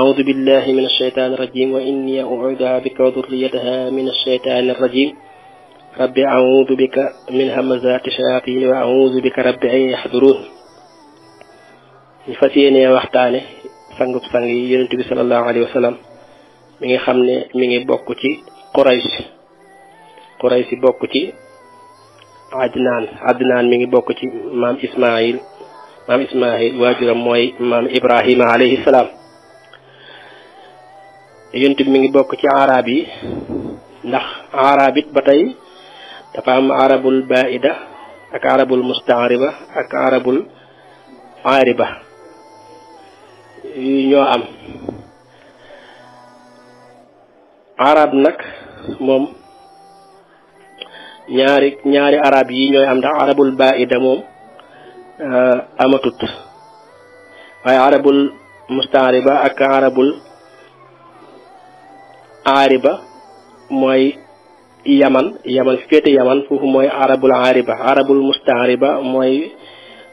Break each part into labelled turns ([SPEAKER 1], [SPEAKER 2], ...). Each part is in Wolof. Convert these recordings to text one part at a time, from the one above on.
[SPEAKER 1] أعوذ بالله من الشيطان الرجيم وإني أعوذها بك وذريتها من الشيطان الرجيم ربي أعوذ بك من همزات الشياطين وأعوذ بك رب أن يحضرون فسيني وقتاني سنقب سنقي ينتبه صلى الله عليه وسلم من خمني من بوكتي قريش قريش بوكتي عدنان عدنان من بوكتي مام إسماعيل مام إسماعيل واجر موي مام إبراهيم عليه السلام yonent bi mi ngi bokk ci arab yi ndax arab ba tey dafa am arabul baida ak arabul mustaariba ak arabul aariba yu ñoo am arab nag moom ñaari ñaari arab yi ñooy am ndax arabul baida moom euh, amatut waaye arabul mustaariba ak arabul aariba mooy yaman yaman féete yaman foofu mooy mooy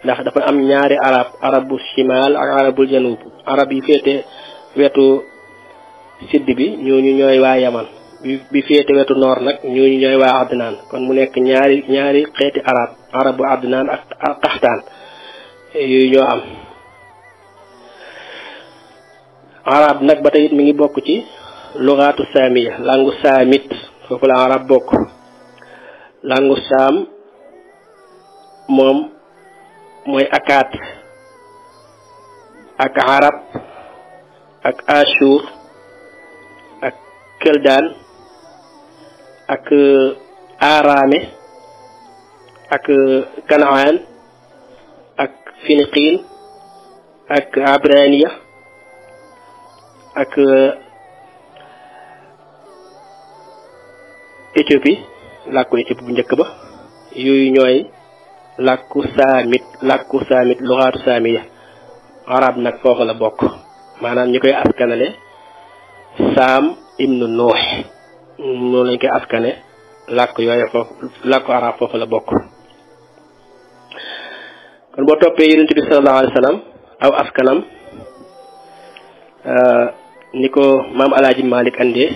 [SPEAKER 1] ndax dafa am ñaari arab arabu shimal ak arabul janub yi féete wetu sidd bi ñooñu ñooy waa yaman nag ñooñu kon mu nekk ñaari ñaari xeeti arab ñoo am arab nag ba tey it mi ngi bokk ci lugaatu saamiya langu saamit foofu la arab bokk langu saam moom mooy akaat ak arab ak ashur ak këldaan ak aaraame euh, ak euh, kanaan ak finiqiin ak abraniya ak euh, éthiopie làkku éthiopie bu njëkk ba yooyu ñooy làkku saamit làkku saamit luxaatu saamiya arab nag foofu la bokk maanaam ñi koy askanale saam ibnu nuux noonu lañ koy askane làkk yooyu foofu làkku arab foofu la bokk kon boo toppee yonent bi salallahu alayhi wasallam aw askanam euh, ni ko maam alaaji malik andee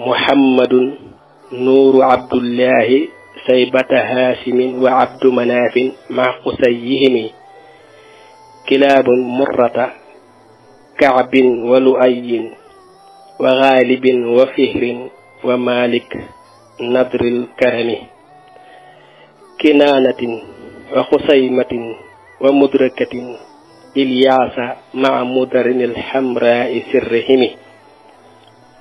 [SPEAKER 1] muhammadun نور عبد الله سيبة هاشم وعبد مناف مع قسيهم كلاب مرة كعب ولؤي وغالب وفهر ومالك نضر الكرم كنانة وخسيمة ومدركة إلياس مع مدر الحمراء سرهم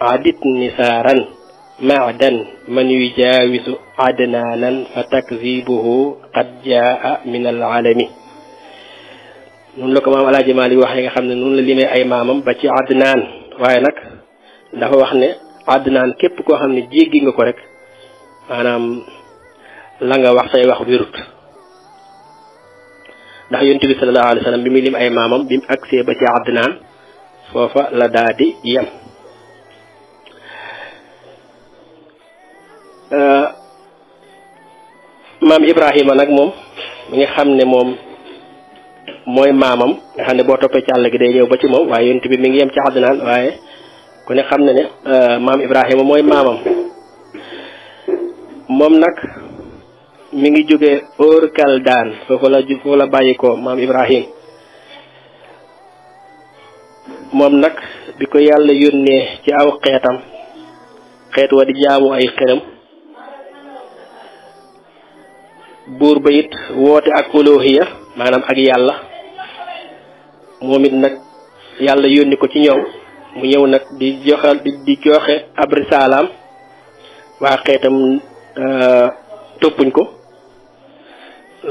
[SPEAKER 1] عدت نسارا mahdan man yujaawisu adnaanan fa takzibuhu qad jaa min alalami noonu la ko maam alaaji Maalik yi waxee nga xam ne noonu la limee ay maamam ba ci àddinaan waaye nag dafa wax ne àddinaan képp koo xam ne jéggi nga ko rek maanaam la nga wax say wax wérut ndax yonent bi sallallahu alayhi wa sallam bi muy lim ay maamam bi mu agsee ba ci adnaan foofa la daadi di maam Ibrahima nag moom mu nga xam ne moom mooy maamam nga xam ne boo toppee ci àll gi day ñëw ba ci moom waaye yonent bi mi ngi yem ci Adnaan waaye ku ne xam na ne euh, maam Ibrahima mooy maamam moom nag mu ngi jóge Ur Kaldaan foofu la foofu la bàyyi ko maam Ibrahim moom nag bi ko yàlla yónnee ci aw xeetam xeet wa di jaamu ay xërëm buur ba it woote ak olohiya maanaam ak yàlla moom it nag yàlla yónni ko ci ñoom mu ñëw nag di joxal di di joxe ab waa xeetam euh, toppuñ ko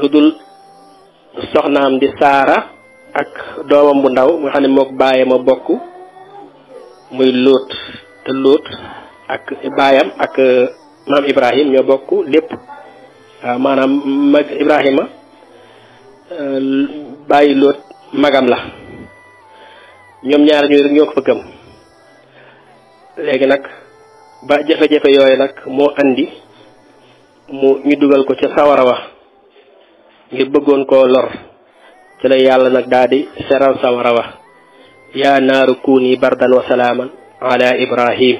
[SPEAKER 1] lu dul soxnaam di saara ak doomam bu ndaw nga xam ne mook baayam a bokk muy lóot te lóot ak baayam ak euh, maam ibrahim ñoo bokk lépp waaw euh, maanaam mag Ibrahima euh, bàyyi loot magam la ñoom ñaar ñooy rek ñoo ko fa léegi nag ba jafe-jafe yooyu nag moo andi mu ñu dugal ko ca sawara wa ngir bëggoon ko lor ci la yàlla nag daal di seral sawara wa yaa naaru kuuni bardan wa salaaman ala ibrahim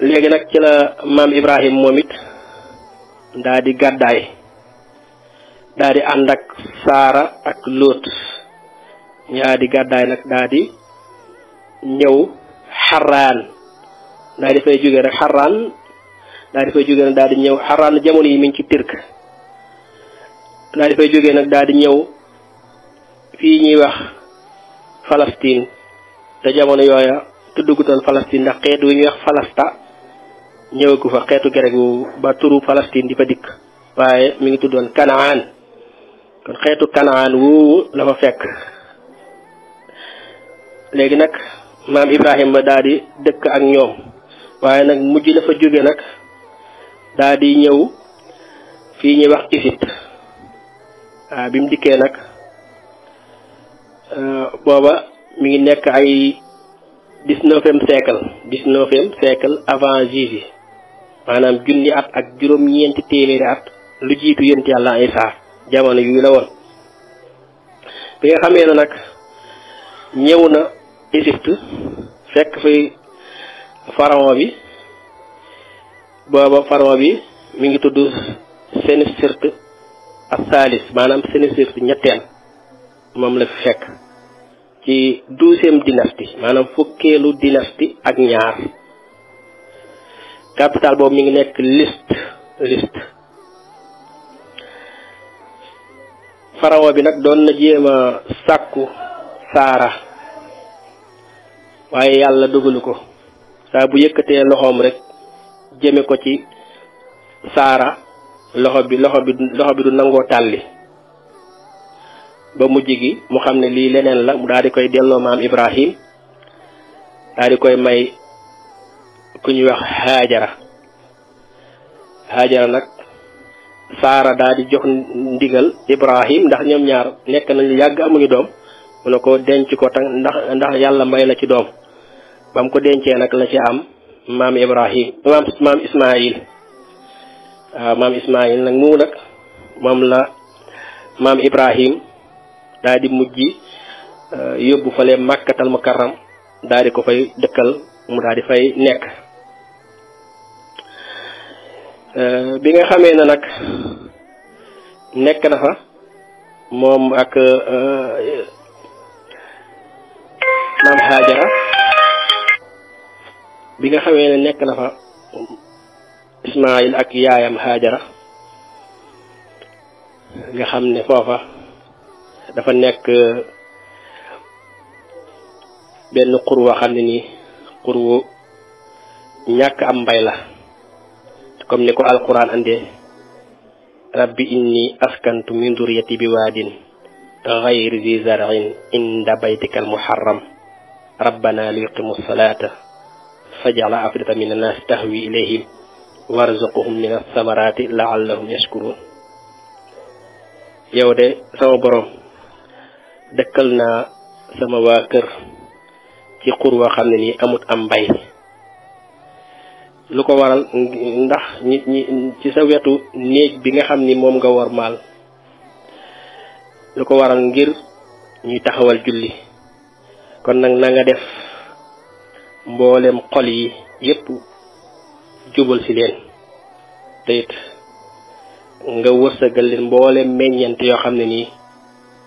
[SPEAKER 1] legi nak ci la mam ibrahim momit dadi gaday di Andak sara di ak lot ak gaday nak di ñew haran dadi di fay jóge rek haran dadi di fay jóge nak dadi di haran xaraan jamono yi min ci tirk dadi di fay jóge nak dadi di fi ñi wax falastin da jamono yooya tuddugutal Palestine wi ñu wax Falasta ñëwagu fa xeetu grec wu ba turu Palestine di fa dikk waaye mi ngi tuddoon Kanaan kon xeetu Kanaan woowu la fa fekk léegi nag maam Ibrahima daal di dëkk ak ñoom waaye nag mujj la fa jóge nag daal di ñëw fii ñuy wax Égypte waaw bi mu dikkee nag euh, booba mu ngi nekk ay dix-neuvième siècle dix-neuvième siècle avant Jésus maanaam junni at ak juróom-ñeenti téeméeri at lu jiitu yonent yàlla Isaa jamono yu la woon bi nga xamee ne nag ñëw na Égypte fekk fi pharaon bi booba pharaon bi mu ngi tudd Sénésirte ak Salis maanaam Sénésirte ñetteel moom la fi fekk ci douzième dynastie maanaam fukkeelu dynastie ak ñaar capital boobu mi ngi nekk list. list pharaon bi nag doon na jéem a sàkku saara waaye yàlla dugalu ko saa bu yëkkatee loxoom rek jëme ko ci saara loxo bi loxo bi loxo bi du nangoo tàlli ba mujj gi mu xam ne lii la mu daal di koy delloo maam ibrahim daal di koy may ku ñuy wax xaajara xaajara nag saara daal di jox ndigal ibrahim ndax ñoom ñaar nekk nañu yàgg amuñu doom mu ko denc ko tan ndax ndax yàlla mbay la ci doom ba ko dencee nag la ci am maam ibrahim maam maam ismail waaw maam ismail nag mu nag moom la maam ibrahim daal di mujj euh, yóbbu fale màkkatal mukarram daal di ko fay dëkkal mu daal di fay nekk Euh, bi nga xamee ne nag nekk na fa moom ak euh, maam Haajara bi nga xamee ne nekk na fa Ismaayil ak yaayam Haajara nga xam ne foofa dafa nekk benn xur woo xam ne nii xur wu ñàkk am mbay la comme ni ko alquran andee rabbi inni askantu min duriyati bi waadin gayri zi zarin inda baytikal muharram rabbana li yuqimu salaata fajala afdata min annaas tahwi ilayhim warzuqhum min athamarati laallahum yashkurun yow de sama borom dëkkal naa sama waa kër ci xur woo xam ne nii amut am mbay lu ko waral ndax nit ñi ci sa wetu neej bi nga xamni mom nga war mal lu ko waral ngir ñi taxawal julli kon nak na nga def mboolem xol yi yépp jubal ci leen teet nga wërsegal leen meññent yo xamni ni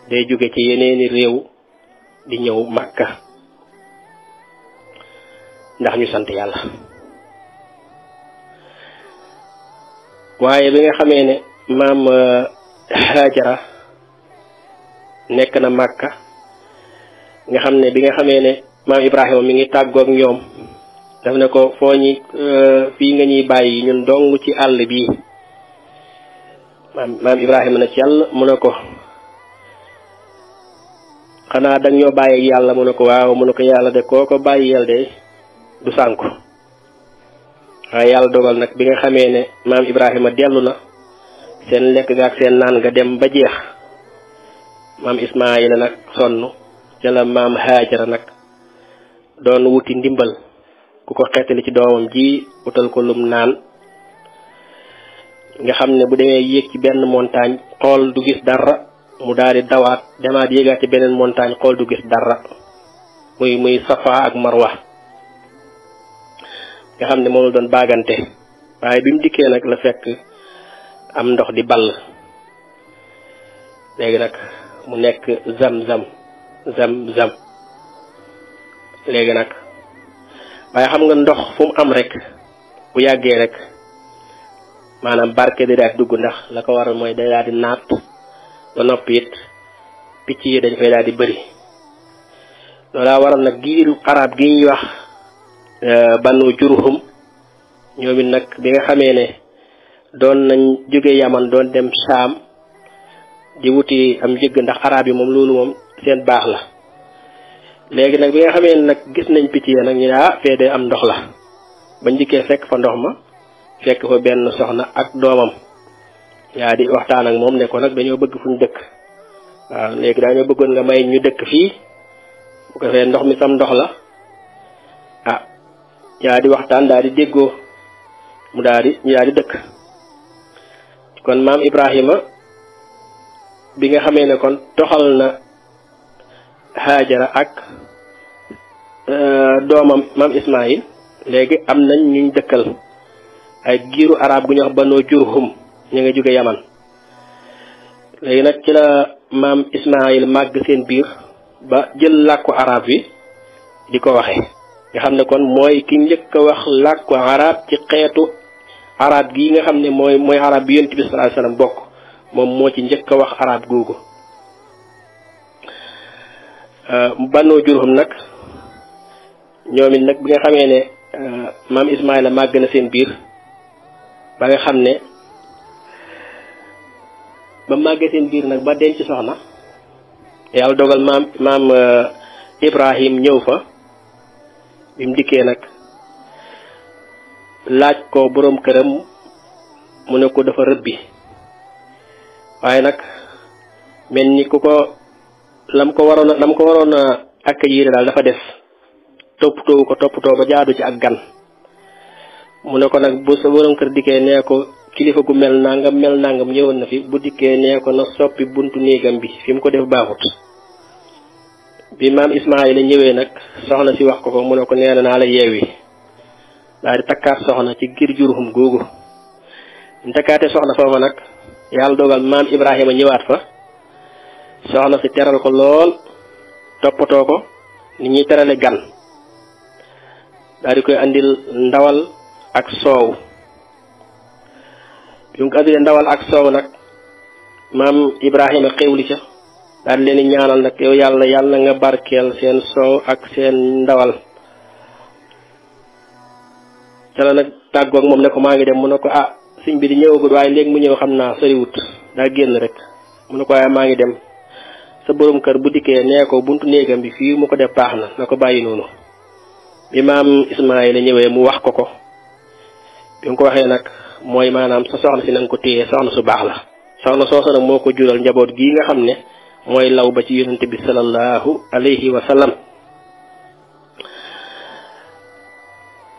[SPEAKER 1] day ci yeneeni réew di ñëw makka ndax ñu sant yalla waaye bi nga xamee ne maam Haajara euh, nekk na Màkka nga xam ne bi nga xamee ne maam Ibrahima mi ngi tàggoog ñoom daf na ko foo ñi euh, fii nga ñuy bàyyi ñu dong ci àll bi maam maam Ibrahima na ci yàlla mu ne ko xanaa danga ñoo bàyyi yàlla mu ne ko waaw mu ne ko yàlla de koo ko bàyyi yàlla de du sànku waaye yàlla dogal nag bi nga xamee ne maam ibrahima dellu na seen lekk ga ak seen naan ga dem ba jeex maam ismaila nag sonn ca la maam haajara nag doon wuti ndimbal ku ko xeetali ci doomam ji utal ko lum naan nga xam ne bu demee yéeg ci benn montagne xool du gis dara mu daal di dawaat demaat yéegaat ci beneen montagne xool du gis dara muy muy safa ak marwa nga xam ne moom la doon baagante waaye bi mu dikkee nag la fekk am ndox di ball léegi nag mu nekk zam-zam zam-zam léegi nag waaye xam nga ndox fu am rek bu yàggee rek maanaam barke di daal dugg ndax la ko war mooy day daal di naat ba noppi it picc yi dañ fay daal di bëri loolaa waral nag giiru arab gi ñuy wax Eh, banu jurhum ñoom nag bi nga xamee ne doon nañ jóge yaman doon dem saam di wuti am jëgg ndax araab yi moom loolu moom seen baax la léegi nag bi nga xamee ne nag gis nañ picc yi nag ñu ne ah fee de am ndox la bañ dikkee fekk fa ndox ma fekk fa benn soxna ak doomam yaa di waxtaan ak moom ne ko nag dañoo bëgg fu ñu dëkk waaw léegi dañoo bëggoon nga may ñu dëkk fii bu ko fee ndox mi sam ndox la ah, Ya di waxtaan daa di déggoo mu daa di dëkk kon maam ibrahima bi nga xamee ne kon toxal na haajara ak eh, doomam maam ismail léegi am nañ ñuñ dëkkal ay giiru arab gu ñu wax banoo jurhum ñu nga jóge yaman léegi nag ci la maam ismail màgg seen biir ba jël làkku arab wi di ko waxee nga xam ne kon mooy ki njëkk a wax làkku arab ci xeetu arab gi nga xam ne mooy mooy arab bi yonent bi sallallahu alayhi bokk moom moo ci njëkk a wax arab googu euh, bannoo Jurhum nag ñoom it nag bi nga xamee ne euh, maam Ismaayla màgg na seen biir ba nga xam ne ba màggee seen biir nag ba denc soxna yàlla dogal maam maam euh, Ibrahim ñëw fa Bim mu nak laaj ko borom kërëm mu ne ko dafa rëbbi waaye nak mel ni ku ko lam ko waroon lam ko waroon a accueillir daal dafa des toppatoo ko toppatoo ba jaadu ci ak gan mu ne ko nag bu sa borom kër dikkee nee ko kilifa gu mel nangam mel nangam ñëwoon na fi bu dikkee nee ko na soppi buntu néegam bi fi mu ko def baaxut bi maam ismaila ñëwee nag soxna si wax ko ko mu ne ko nee naa la yeewi daal di takkaat soxna ci gir juruxum googu ñu takkaate soxna foofa nag yàlla dogal maam ibrahima ñëwaat fa soxna si teral ko lool toppatoo ko ni ñuy terale gan daal di koy andil ndawal ak soow bi mu ko andilee ndawal ak soow nag maam ibrahima xewli ca dal leen ñaanal nak yow yalla yalla nga barkel seen soow ak seen ndawal ca nak taggo ak mom ne ko ma ngi dem mu ne ko ah siñ bi di ñëwagul way leg mu ñew xamna sori wut da genn rek mu ne ko ay ah, ma ngi dem sa borom kër bu ne ko buntu neegam bi fi mu ko def baax na na ko bàyyi noonu bi maam mu wax ko ko bi mu ko waxé nak moy manam sa soxna si nang ko soxna su bax la soxna soxna moko jural njabot gi nga xamné mooy law ba ci yonente bi salallahu alayhi wa sallam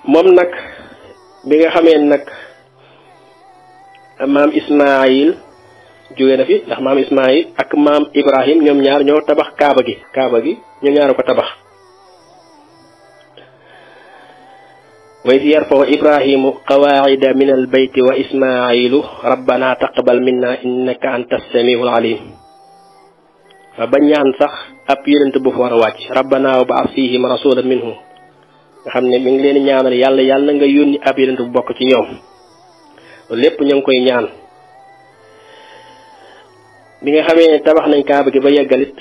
[SPEAKER 1] moom nag bi nga xamee nag maam Ismaayil jóge na fi ndax maam Ismaayil ak maam Ibrahim ñoom ñaar ñoo tabax kaaba gi kaaba gi ñoom ñaar ko tabax wa iz yarfau ibrahimu qawaacida min albayti wa ismailu rabbana taqbal minna innaka anta samiul alim Ah, ba ñaan sax ab yonent bu war wacc rabbana wa ba'ath fihi rasulan minhu xamne mi ngi leen ñaanal yalla yalla nga yoni ab yonent bu bok ci ñoom lepp ñang koy ñaan bi nga xamé tabax nañ kaaba gi ba yeggalit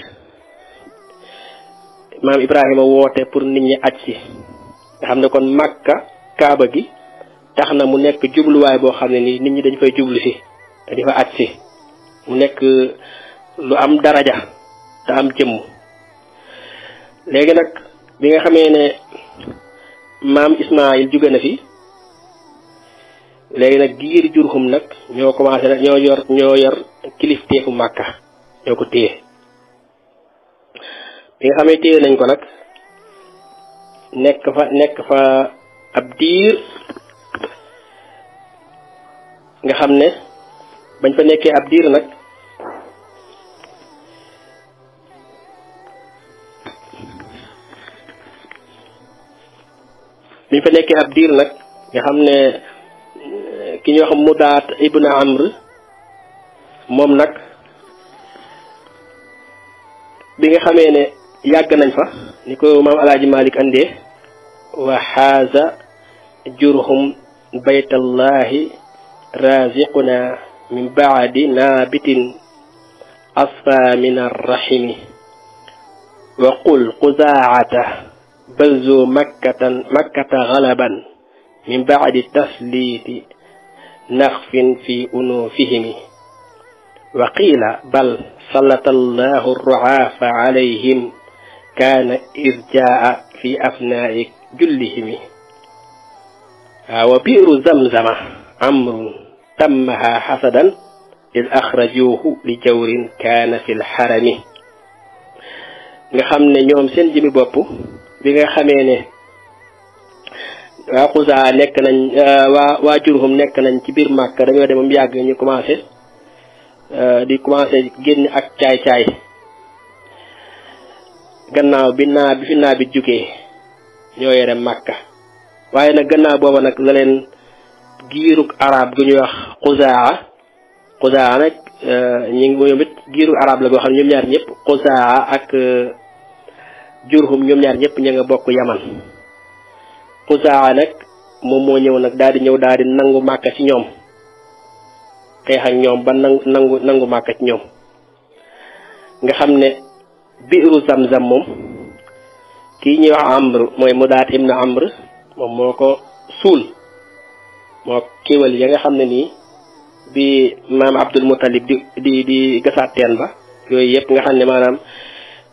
[SPEAKER 1] imam ibrahim wote pour nit ñi kon makka kaaba gi taxna mu nekk jublu way bo xamne ni nit ñi dañ fay jublu si dañ fa aj mu nekk lu am daraja te am jëmm léegi nag bi nga xamee ne maam Ismaayil jóge na fi léegi nag giir jurxum nag ñoo commencé nag ñoo yor ñoo yor kilifteefu màkka ñoo ko tée bi nga xamee téye nañ ko nag nekk fa nekk fa ab nga xam ne bañ fa nekkee ab diir nag bi ñu fa nekkee ab diir nag nga xam ne eh, ki ñoo xam mudaat ibn amr moom nag bi nga xamee ne yàgg nañ fa ni ko maam alaaji malik andee wa xaaza jurhum baytallahi raziquna min baadi naabitin asfa min arrahimi wa qul quzaata بل مكة مكة غلبا من بعد تسليت نخف في أنوفهم وقيل بل سلط الله الرعاف عليهم كان إذ جاء في أفناء جلهم وبئر زمزم أمر تمها حسدا إذ أخرجوه لجور كان في الحرم nga يوم سنجم بوبو bi nga xamee ne waa Xusaa nekk nañ euh, waa waa Jurhum nekk nañ ci biir Màkka dañoo dem mu yàgg ñu commencé euh, di commencé génn ak caay-caay gannaaw bi naa bi fi naa bi jugee ñoo yore Màkka waaye nag gannaaw booba nag la leen giirug arab gu ñuy wax Xusaa Xusaa nag euh, ñu ngi moom it giirug arab la boo xam ne ñoom ñaar ñëpp Xusaa ak. jurhum ñoom ñaar ñëpp ña nga bokk yaman Xusaa nag moom moo ñëw nag daal di ñëw daal di nangu màkka ci ñoom xeex ak nangu nangu nangu ñoom nga xam ne biiru zam-zam moom kii ñuy wax amr mooy mudaat ibn amr moom moo ko suul moo kéwal ya nga xam ne nii bi maam abdul muttalib di di di gasaat teen ba yooyu yëpp nga xam ne maanaam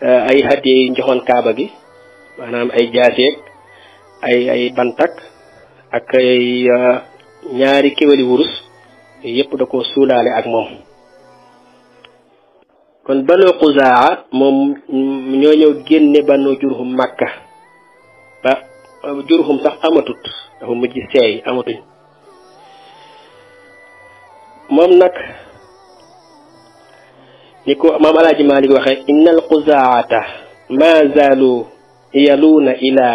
[SPEAKER 1] Eh, ay hadiya yi joxoon kaaba gi maanaam ay jaaseeg ay ay bantak ak ay eh, ñaari kéwél wurus yépp da ko suulaale ak moom kon banu Xuzaa moom ñoo ñëw génne banu Jurhum Makka ba Jurhum sax amatut dafa mujj seey amatuñ moom nag ni ko maam alaaji Maalik waxe inna alquzaata ma zaalu yaluuna ila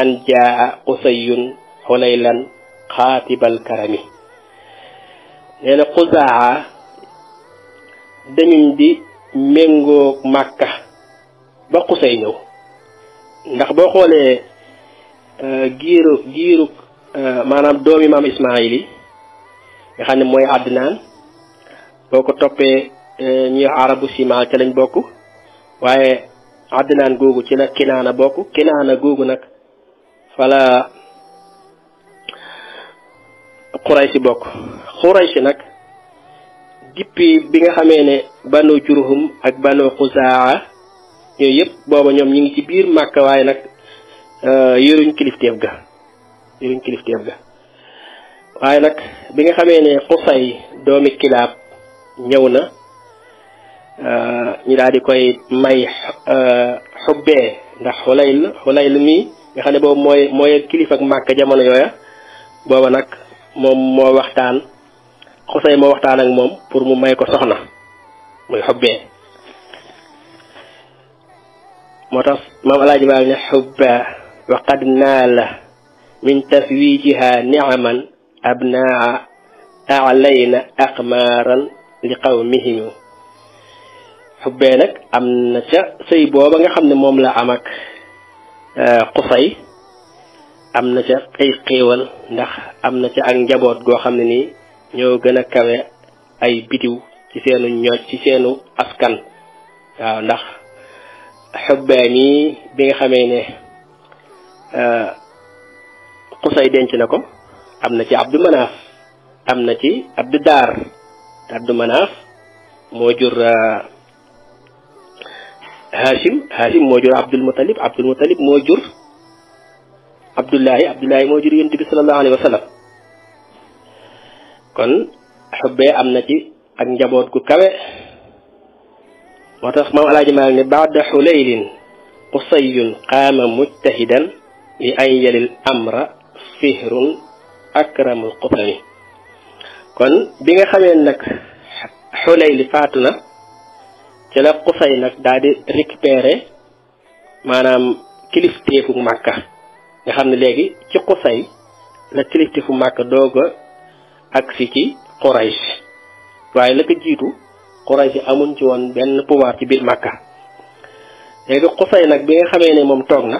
[SPEAKER 1] an jaa qusayun xulaylan xaatibal karami nee na xuzaa di méngoo màkka ba xusay ñëw ndax boo xoolee euh, giiru giiru euh, maanaam doomi maam ismaayil nga xam ne mooy àddinaan boo ko toppee Eh, ñuy wax arabu simal ca lañ bokk waaye addinaan googu ci la kinaana bokk kinaana googu nag fala si bokk si nag dippi bi nga xamee ne banu jurhum ak banu xusaa yooyu yëpp booba ñoom ñu ngi ci biir màkk waaye nag eh, yëruñ kilifteef ga yëruñ kilifteef ga waaye nag bi nga xamee ne xusay doomi kilaab ñëw na Euh, ñi daal di koy may xubbee euh, ndax xulayl xulayl mi nga xam ne boobu mooy mooy kilifa ak màkk jamono yooya booba nag moom moo waxtaan xusay moo waxtaan ak moom pour mu may ko soxna muy xubbee moo tax maam alaaji baal ne xubba wa naala min taswijiha niaman abnaa alayna aqmaaran li qawmihim xubbee nag am na ca sëy booba nga xam ne moom la am ak euh, xusay am na ca ay xéewal ndax am na ca ak njaboot goo xam ne nii ñoo gën a kawe ay bitiw ci seenu ñooj ci seenu askan waaw ndax xubbee nii bi nga xamee ne euh, xusay denc na ko am na ci abdu manaaf am na ci abdu daar abdu manaaf moo jur euh, Hachim Hachim moo jur Abdul Muttalib Abdul Muttalib moo jur Abdullahi Abdullahi moo jur yonent bi sallallahu alayhi wa sallam kon xubbee am na ci ak njaboot gu kawe moo tax maam alaaji maalik ne baada xuleylin qusayun qaama mujtahidan li an yalil amra fihrun akramul qutami kon bi nga xamee nag xuleyli faatu na ci la Qusay nag daal di récupérer maanaam kilifteefu Màkka nga xam ne léegi ci Qusay la kilifteefu Màkka doog a agsi ci Quraysh waaye la ko jiitu Quraysh amuñ ci woon benn pouvoir ci biir Màkka léegi Qusay nag bi nga xamee ne moom toog na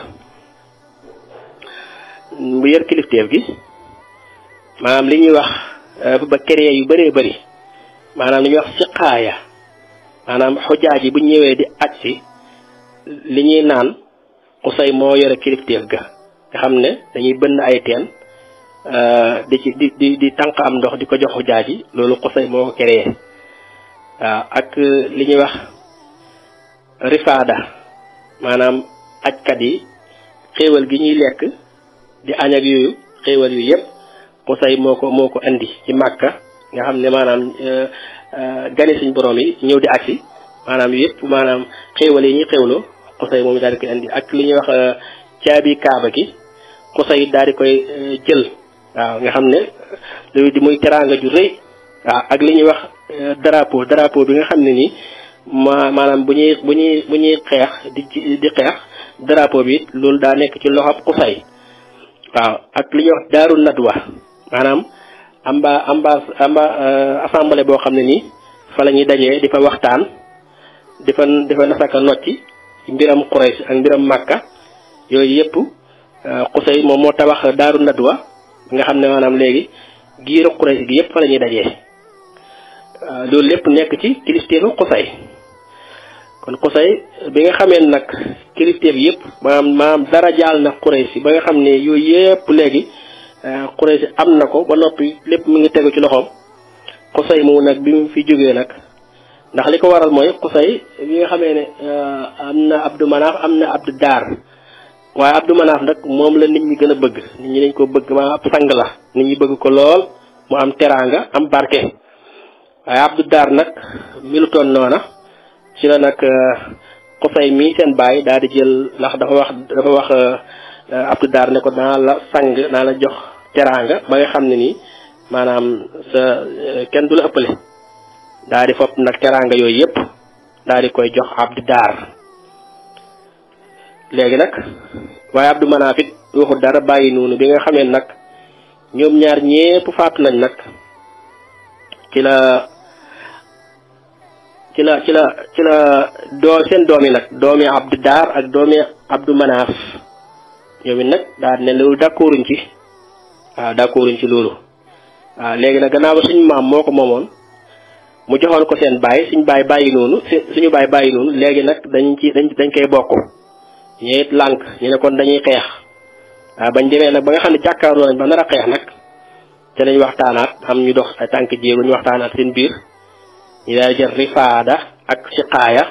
[SPEAKER 1] mu yor kilifteef gi maanaam li ñuy wax euh, ba créer yu bëree bëri maanaam li ñuy wax siqaaya maanaam xujjaaj yi bu ñëwee di aj si li ñuy naan xusay moo yore kilifteef ga nga xam ne dañuy bënn ay teen euh, di ci di di di am ndox di ko jox xujjaaj yi loolu xusay moo ko créé waaw ak euh, li ñuy wax rifaada maanaam ajkat yi xéewal gi ñuy lekk di añ yu yooyu xéewal yu yëpp xusay moo ko moo ko indi ci màkka nga xam ne maanaam euh, Euh, gane suñ borom yi ñëw di agsi maanaam yëpp maanaam xéewal yi ñuy xéewloo xusay moom daal di koy andi ak li ñuy wax euh, caabi kaaba gi xusay daal di koy euh, jël waaw nga xam ne loolu di teraanga ju rëy waaw ak li ñuy wax drapeau drapeau bi nga xam ne nii ma maanaam bu ñuy bu ñuy bu ñuy xeex di di xeex drapeau bi loolu daa nekk ci loxob xusay waaw ak li ñuy wax daaru nadwa maanaam amba amba amba eh, assemblée bo xamné ni fa lañuy dajé difa waxtaan difa difa di fa nasaka maka, mbiram quraish ak mbiram makka yoy yépp eh, qusay moom mo tawax giro nadwa nga xamné manam légui giiru quraish gi yépp fa lañuy dajé eh, lépp ci kristiyanu qusay kon qusay bi nga xamé nak kilifteef yépp manam manam dara nak na quraish bi nga xamné yoy yépp Euh, Quraysh am na ko ba noppi lépp mu ngi tegu ci loxoom Qusay mu nag bi mu fi jógee nag ndax li ko waral mooy Qusay bi nga xamee ne euh, am na Abdu Manaaf am na Abdu Daar waaye Abdu Manaaf nag moom la nit ñi gën a bëgg nit ñi lañ ko bëgg ma ab sang la nit ñi bëgg ko lool mu am teraanga am barke waaye Abdu Daar nag milutoon noona ci la nag euh, Qusay mii seen bàyyi daal di jël ndax dafa wax dafa wax Euh, Abdou daar ne ko danaa la sang naa la jox teraanga ba nga xam ne nii maanaam euh, kenn du la ëppale daa di fopp nag teraanga yooyu yëpp daal di koy jox Abdou Dar léegi nag waaye Abdou Manaaf it waxu dara bàyyi noonu bi nga xamee nag ñoom ñaar ñépp faatu nañ nag ci la ci la ci la ci la doo seen doom yi nag doomi Abdou daar ak doomi Abdou Manaaf ñoom it nag daal ne loolu d'accorduñ ci waaw d'accorduñ ci loolu waaw léegi nag gannaaw ba suñu maam moo ko moomoon mu joxoon ko seen baay suñ baay bàyyi noonu suñu baay bàyyi noonu léegi nag dañ ci dañ dañ koy bokk ñee it lànk ñu ne kon dañuy xeex waaw bañ demee nag ba nga xam ne jàkkaarloo nañ ba nar a xeex nag te lañ waxtaanaat am ñu dox ay tànk jéego ñu waxtaanaat seen biir ñu daal jël rifaada ak siqaaya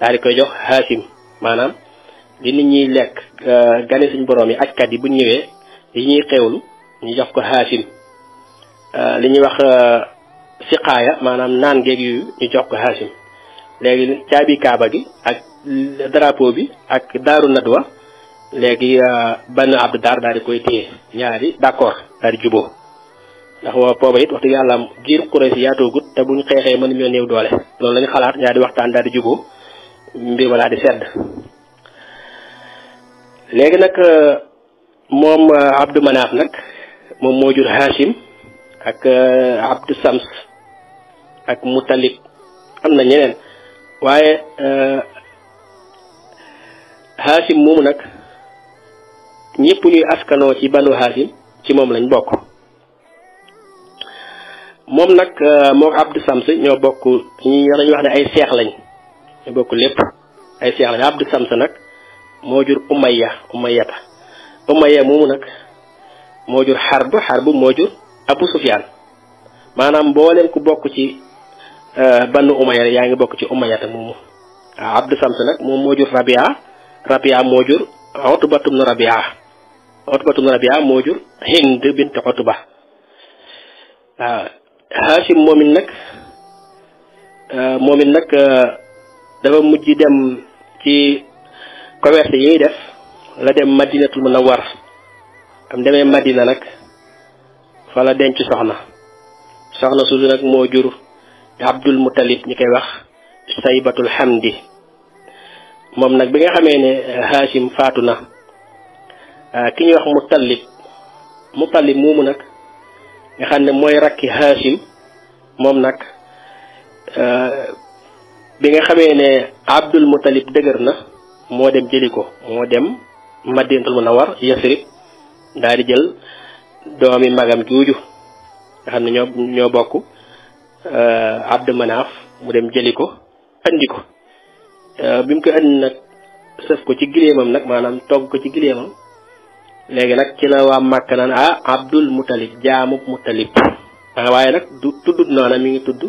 [SPEAKER 1] daal di koy jox haasim maanaam li nit ñiy lekk euh, gane suñ borom yi ajkat yi bu ñëwee yi ñuy xewlu ñu jox ko haashim euh, li ñuy wax euh, siqaaya maanaam naan géeg yu ñu jox ko haashim léegi caabi kaaba gi ak drapeau bi ak daaru nadwa léegi ban abdu daar daal di koy téye ñaari d'accord daal di juboo ndax waa booba it wax dëgg yàlla giir Quraysh yaatoogut te buñ xeexee mën ñoo néew doole loolu lañu xalaat ñaari waxtaan daal di juboo mbir ma daal di sedd léegi nag euh, moom euh, Abdou Manaaf nag moom moo jur Hachim ak euh, Abdou Sams ak Muttalib am na ñeneen waaye Hachim moomu nag ñëpp ñuy askanoo ci banu Hachim ci moom lañ bokk moom nag moo Abdou Sams ñoo bokk ñi dañuy wax ne ay seex lañ ñu bokk lépp ay seex lañ Abdou Sams nag Mojur jur umayya umayyata umayya moomu nak harbu harbu Mojur xarb jur abu Sufyan maanaam mbooleem ku bok ci eh, banu umayya ya nga bok ci umayyata moomu ah, abd nak rabia rabia Mojur jur utbatum na rabia utbatum ibn rabia Mojur jur hind bint utba ah hashim moomin nag eh, moomin nag eh, dafa mujj dem ci commerce yi def la dem madinatul munawwar am demee madina nag fa la denc soxna soxna su nag moo jur abdul mutalib ñi koy wax saybatul hamdi moom nag bi nga xamee ne haashim faatu na ah, ki ñuy wax mutalib mutalib moomu nag nga xam ne mooy rakki haashim moom nag ah, bi nga xamee ne abdul mutalib dëgër na moo dem jëli ko moo dem Madinatul war Yasrib daal di jël doomi magam juuju nga xam ne ñoo ñoo bokk euh, Abdu Manaaf mu dem jëli ko andi ko euh, bi mu koy andi nag sëf ko ci gileemam nag maanaam togg ko ci gileemam léegi nag ci la waa Màkka naan ah Abdul Muttalib jaamub Muttalib ah waaye nag du tuddut mi ngi tudd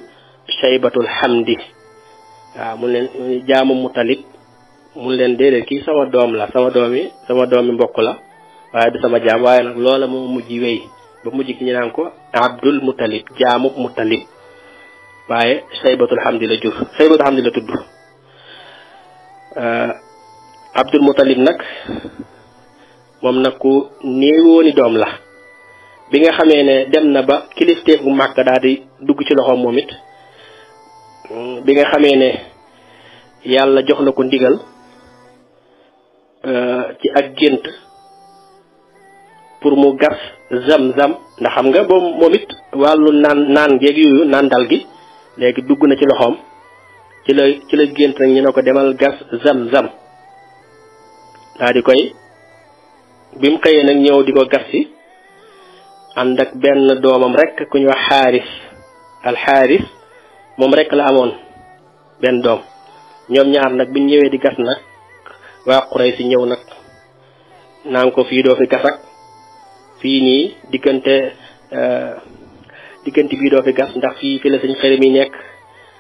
[SPEAKER 1] Shaybatul Hamdi waaw mu leen jaamu Muttalib mun leen déedéet ki sama doom la sama doom yi sama doom yi mbokk la waaye du sama jaam waaye nag loola moo mujj wéy ba mujj gi ñu ko Abdul Muttalib jaamu Muttalib waaye saybatul xamdi la jur saybatul xamdi la tudd euh, Abdul Muttalib nag moom nag ku néewooni doom la bi nga xamee ne dem na ba kilifteef bu màkk daal di dugg ci loxoom moom it mm, bi nga xamee ne yàlla jox na ko ndigal Euh, ci ak gént pour mu gas zam-zam ndax xam nga boobu moom it wàllu naan naan géeg yooyu naan dal gi léegi dugg na ci loxoom ci la gént nag ñu ne ko demal gas zam-zam daa di koy bim xëyee nag ñëw di ko gas ci ànd ak benn doomam rek ku ñu wax xaaris alxaaris moom rek la amoon benn doom ñoom ñaar nag bu ñëwee di gas na waa Quraysh ñëw nag naan ko fii doo fi gasak fii nii diggante euh, diggante bii doo fi gas ndax fii fi la sañ xëri mi nekk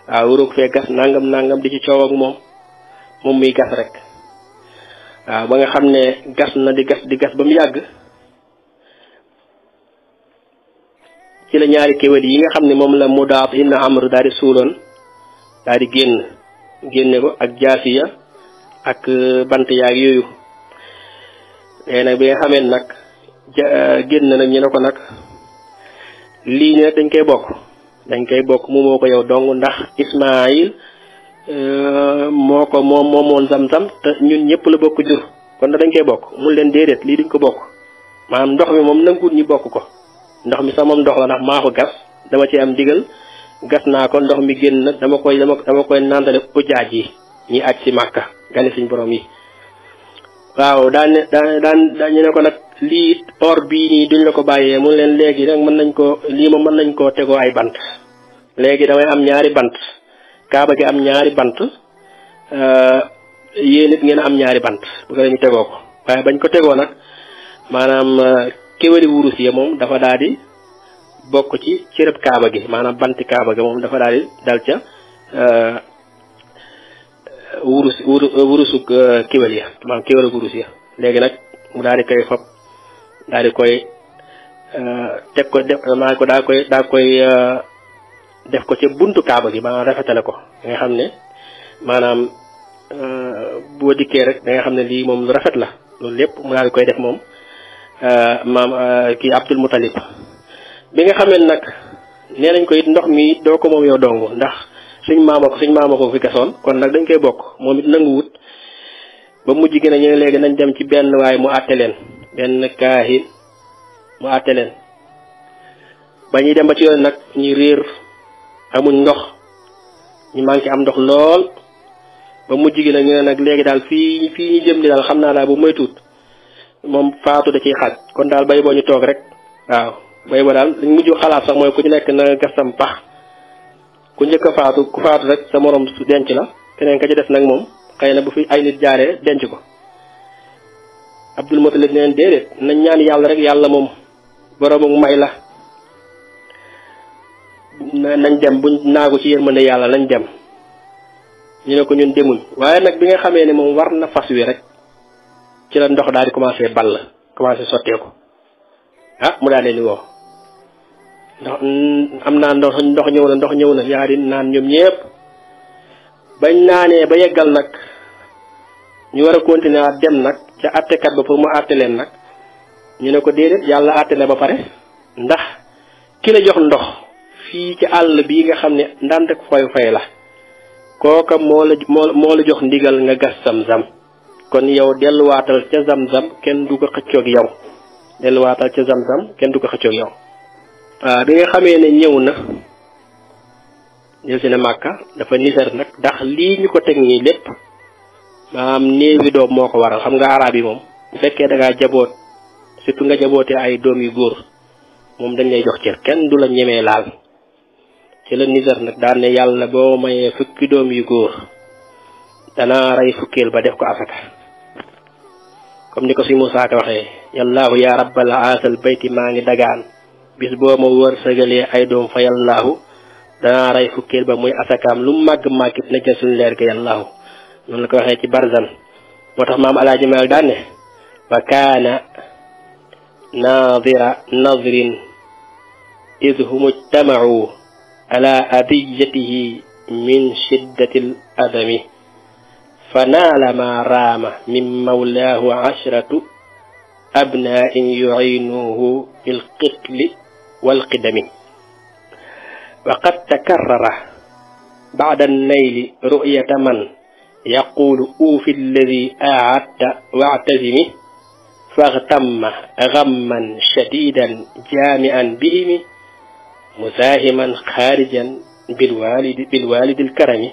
[SPEAKER 1] waaw wurug fee gas nangam nangam di ci coow ak moom moom muy gas rek waaw ba nga xam ne gas na di gas di gas ba mu yàgg ci la ñaari kéwél yi nga xam ne moom la mu daab ibn amr daal di suuloon daal di génn génne ko ak ya ak euh, bant yaag yooyu léegi nag bi nga xamee nag ja euh, génn nag ñu ne ko nag lii ñu dañ koy bokk dañ koy bokk mu moo ko yow dong ndax Ismaayil euh, moo ko moom moomoon zam-zam te ñëpp la bokk jur kon dañ koy bokk mu leen déedéet lii ko bokk maanaam ndox mi moom nanguut ñi bokk ko ndox mi sama ndox la ndax maa ko gas dama ci am digal gas naa ko ndox mi génn dama koy dama koy yi ñi aj si màkka gane suñ boroom yi waaw daan daan daan ñu ne ko nag lii or bii nii duñ la ko bàyyee mu leen léegi nag mën nañ koo lii ma mën nañ koo tegoo ay bant léegi damay am ñaari bant kaaba gi am ñaari bant yéen it ngeen am ñaari bant bu ko tegoo ko waaye bañ ko tegoo nag maanaam kéwéli wurus ya moom dafa daal di bokk ci cërëb kaaba gi maanaam banti kaaba gi moom dafa daal dal ca wurus euh, wurusu euh, kiwél ya maanaam kiwél ak wurus ya léegi nag mu daal di koy fab daal di koy euh, teg ko def maa ko daa koy daa koy def ko ca buntu kaaba gi maanaam rafetale ko nga xam ne maanaam boo dikkee rek da nga xam ne lii moom lu rafet la loolu lépp mu daal di koy def moom maam kii Abdul Muttalib bi nga xam nag nee nañ ndox mi doo ko moom yow dong ndax suñ maama ko suñ maama ko fi kasoon kon nag dañ koy bokk moom it nanguwut ba mujj gi ne ñu ne léegi nañ dem ci benn waaye mu àtte leen benn kaahin mu àtte leen ba dem ba ci yoon nag ñu réer amuñ ndox ñu manqué am ndox lool ba mujj gi nag ñu ne nag léegi daal fii fii ñu jëm ni daal xam naa daal bu moytuut moom faatu da ciy kon daal bay boo ñu toog rek waaw bay daal dañ mujj xalaat sax mooy ku ñu nekk na gasam pax ku ñëk faatu ku faatu rek sa morom su denc la keneen ka ci def nag moom bu fi ay nit jaaree denc ko abdul mutalib neen déedéet na ñaan yàlla rek yàlla moom ak may la nañ dem bu naagu ci yërmande yàlla lañ dem ñu ne ko ñun demuñ waaye nag bi nga xamee ne moom war na fas wi rek ci la ndox daal di commencé ball commencé sottee ah mu daal leen woo ndox am naa ndox ndox ñëw na ndox ñëw na yaari naan ñoom ñëpp bañ naanee ba yeggal nag ñu war a continuer dem nag ca àttekat ba pour ma àtte leen nag ñu ne ko déedéet yàlla àtte na ba pare ndax ki la jox ndox fii ci àll bi nga xam ne ndànk fay foy la kooka moo la moo moo la jox ndigal nga gas zam sam kon yow delluwaatal ca sam zam kenn du ko xëccoog yow delluwaatal ca zam-zam kenn du ko xëccoog yow waaw bi nga xamee ne ñëw na ñëw si na màkka dafa nisar nag ndax lii ñu ko teg nii lépp maanaam néewi doom moo ko waral xam nga arab yi moom bu fekkee da jaboot surtout nga jabootee ay doom yu góor moom dañ lay jox cër kenn du la ñemee laal ci la nisar nag daan ne yàlla boo mayee fukki doom yu góor danaa rey fukkeel ba def ko asaka comme ni ko si Moussa Ka waxee yallaahu yaa rabbal aasal bayti maa ngi dagaan bis boo ma wërsëgalee ay doom fa da na ray fukel ba muy atakam lu mag màgg na ci suñ leer ga yàllaahu non la ko waxé ci barzan motax mam maam mel dané wa kana nadira nadrin id hum tamau ala adiyatihi min shiddatil adami fa naala maa raama min mawlaahu ashratu abnaa in yuciinuuhu والقدم وقد تكرر بعد النيل رؤية من يقول أوفي الذي أعدت واعتزمي فاغتم غما شديدا جامعا بهم مزاهما خارجا بالوالد, بالوالد الكرم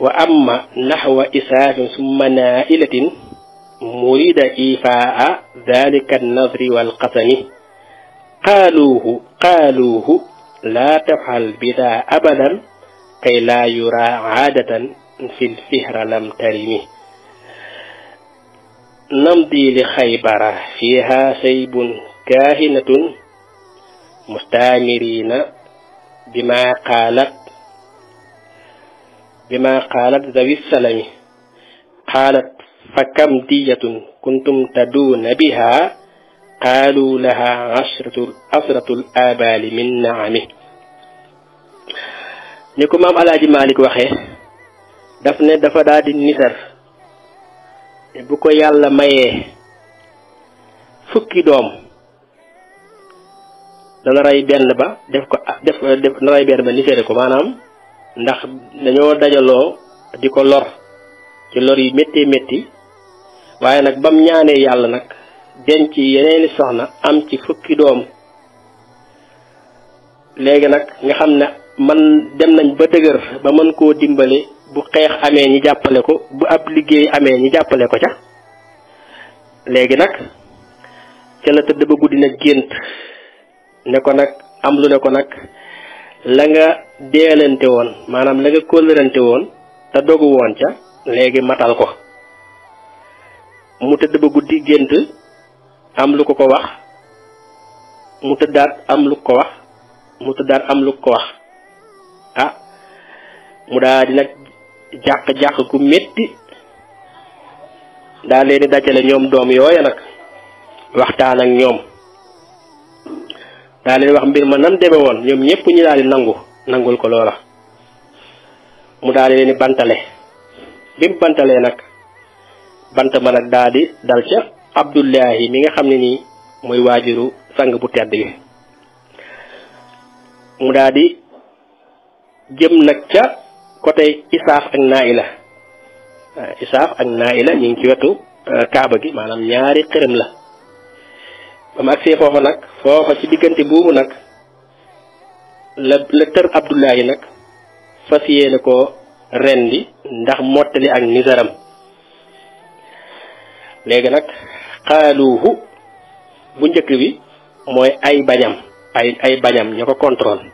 [SPEAKER 1] وأما نحو إساف ثم نائلة مريد إيفاء ذلك النظر والقسم قالوه قالوه لا تفعل بذا أبدا كي لا يرى عادة في الفهر لم ترمه نمضي لخيبر فيها سيب كاهنة مستعمرين بما قالت بما قالت ذوي السلم قالت فكم دية كنتم تدون بها qaalu laha ashratu asratul abali min naami ni ko maam alaaji Malick waxe daf ne dafa daldi di nisar bu ko yàlla mayee fukki doom dana benn ba def ko def def benn ba nisare ko maanaam ndax dañoo dajaloo di ko lor ci lor yi méttee métti waaye nag bam ñaanee yàlla nag denc yeneeni soxna am ci fukki doom léegi nag nga xam ne man dem nañ ba dëgër ba mën koo dimbale bu xeex amee ñi jàppale ko bu ab liggéey amee ñi jàppale ko ca léegi nag ca la tëdd ba guddi nag gént ne ko nag am lu ne ko nag la nga deelante woon maanaam la nga kóllërante woon te dogu woon ca léegi matal ko mu tëdd ba guddi gént am lu ko ko wax mu tëddaat am lu ko wax mu am lu ko wax ah mu daa di nag jàq-jàq metti daa leen di dajale ñoom doom yooya nag waxtaan ak ñoom daa leen wax mbir ma nan deme woon ñoom ñépp ñi daal di nangu nangul ko loola mu daal di leen bantale bim mu bantalee nag bant ma nag dal ca abdullahi mi nga xam ne nii mooy waajuru sang bu tedd bi mu daa di jëm nag ca côté isaaf ak naila isaaf ak naila ñu ngi ci wetu euh, kaaba gi maanaam ñaari xërëm la ba mu agsee foofa nag foofa ci diggante buubu nag la la tër abdullahi nag fas yéene koo rendi ndax mottali ak nisaram léegi nag xaaluuhu bu njëkk bi mooy ay bañam ay ay bañam ña ko contrôle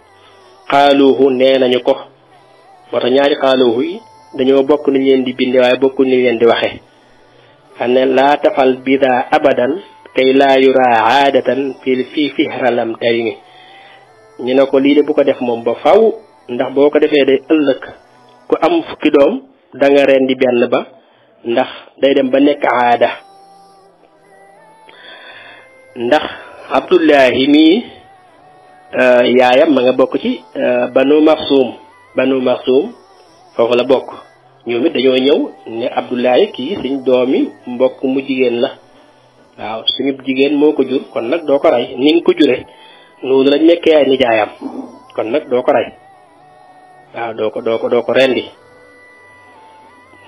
[SPEAKER 1] xaaluuhu nee nañu ko moo tax ñaari xaaluuhu yi dañoo bokk nañ leen di binde waaye bokk nañ leen di waxe xam ne laa tafal bidaa abadan kay laa yuraa aadatan fii fii fihralam tari ni ñu ne ko lii de bu ko def moom ba faw ndax boo ko defee day ëllëg ku am fukki doom da nga rendi benn ba ndax day dem ba nekk aada ndax abdullahi mii euh, yaayam ma nga bokk ci euh, banu maxsuum banu maxsuum foofu la bokk ñoom it dañoo ñëw ne abdullahi kii suñ doomi mbokk mu jigéen la waaw suñu jigéen moo ko jur kon nag doo ko rey ni nga ko jure noonu lañ nekkee ay kon nag doo ko rey doo ko doo ko doo ko rendi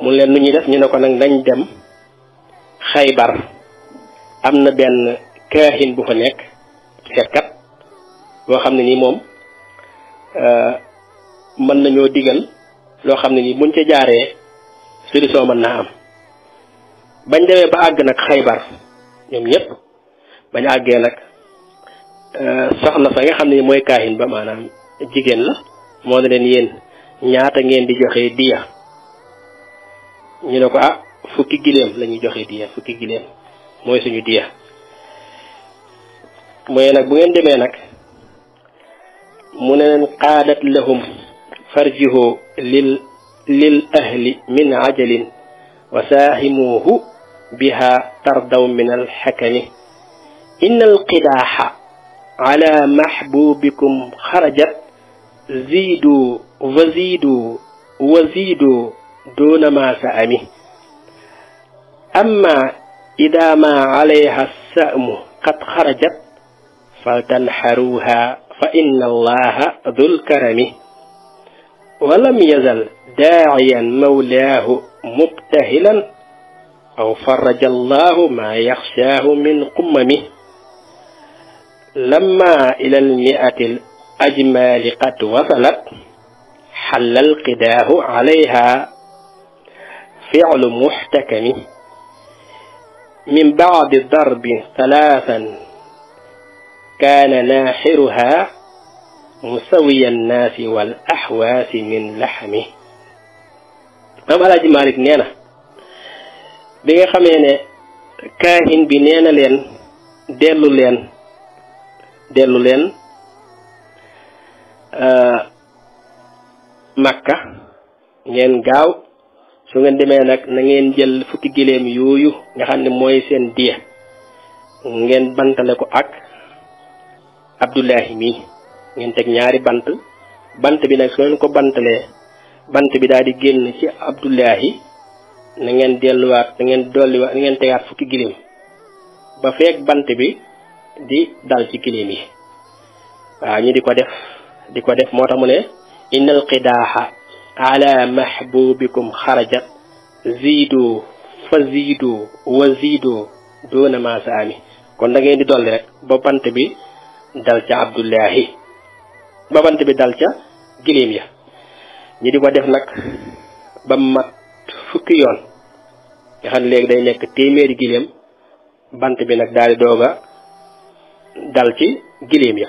[SPEAKER 1] mu leen nu ñuy def ñu ne ko nag nañ dem xaybar am na benn kaahin bu fa nekk seetkat boo xam ne nii moom euh, mën nañoo digal loo xam ne nii buñ ca jaaree solution mën naa am bañ demee ba àgg nag xaybar ñoom ñëpp bañ àggee nag euh, soxna sa nga xam ne ni mooy kaahin ba maanaam jigéen la moo ne leen yéen ñaata ngeen di joxe diya ñu ne ko ah fukki giléem lañuy ñuy joxe diya fukki giléem mooy suñu diya mooy nag bu ngeen demee nag mu ne leen qaadat lahum farjihoo lil lil ahli min ajalin wa saahimuuhu biha tardaw min alxakami in alqidaaxa ala maxbuubikum xarajat ziiduu waziiduu waziiduu duuna maa sa'ami amma ida maa calayha sa'mu qad xarajat فتنحروها فإن الله ذو الكرم ولم يزل داعيا مولاه مبتهلا أو فرج الله ما يخشاه من قممه لما إلى المئة الأجمال قد وصلت حل القداه عليها فعل محتكم من بعد ضرب ثلاثا kaana naaxiruha musawiya annaasi wal axwaasi min laxami maam alaaji Malick nee bi nga xamee ne kaahin bi neena leen dellu leen dellu leen euh, makka ngeen gaaw su ngeen demee nag na ngeen jël fukki giléem yooyu nga xam ne mooy seen diya ngeen bantale ko ak abdullahi mi ngeen tek ñaari bant bant bi nak su ko bantale bant bi daal di ci abdullahi na ngeen delluwaat na ngeen dolliwaat na ngeen tegaat fukki gilim ba feek bant bi di dal ci gilim yi waaw ñu di ko def di ko def moo tax mu ne innal qidaaha ala mahbubikum kharajat zidu fa zidu wa zidu duna ma saami kon da ngeen di dolli rek ba bant bi dal ca abdullahi ba bant bi dal ca giléem ya ñi di ko def nag ba mat fukki yoon nga xam léegi day nekk téeméeri giléem bant bi nag daal di doog a dal ci giléem ya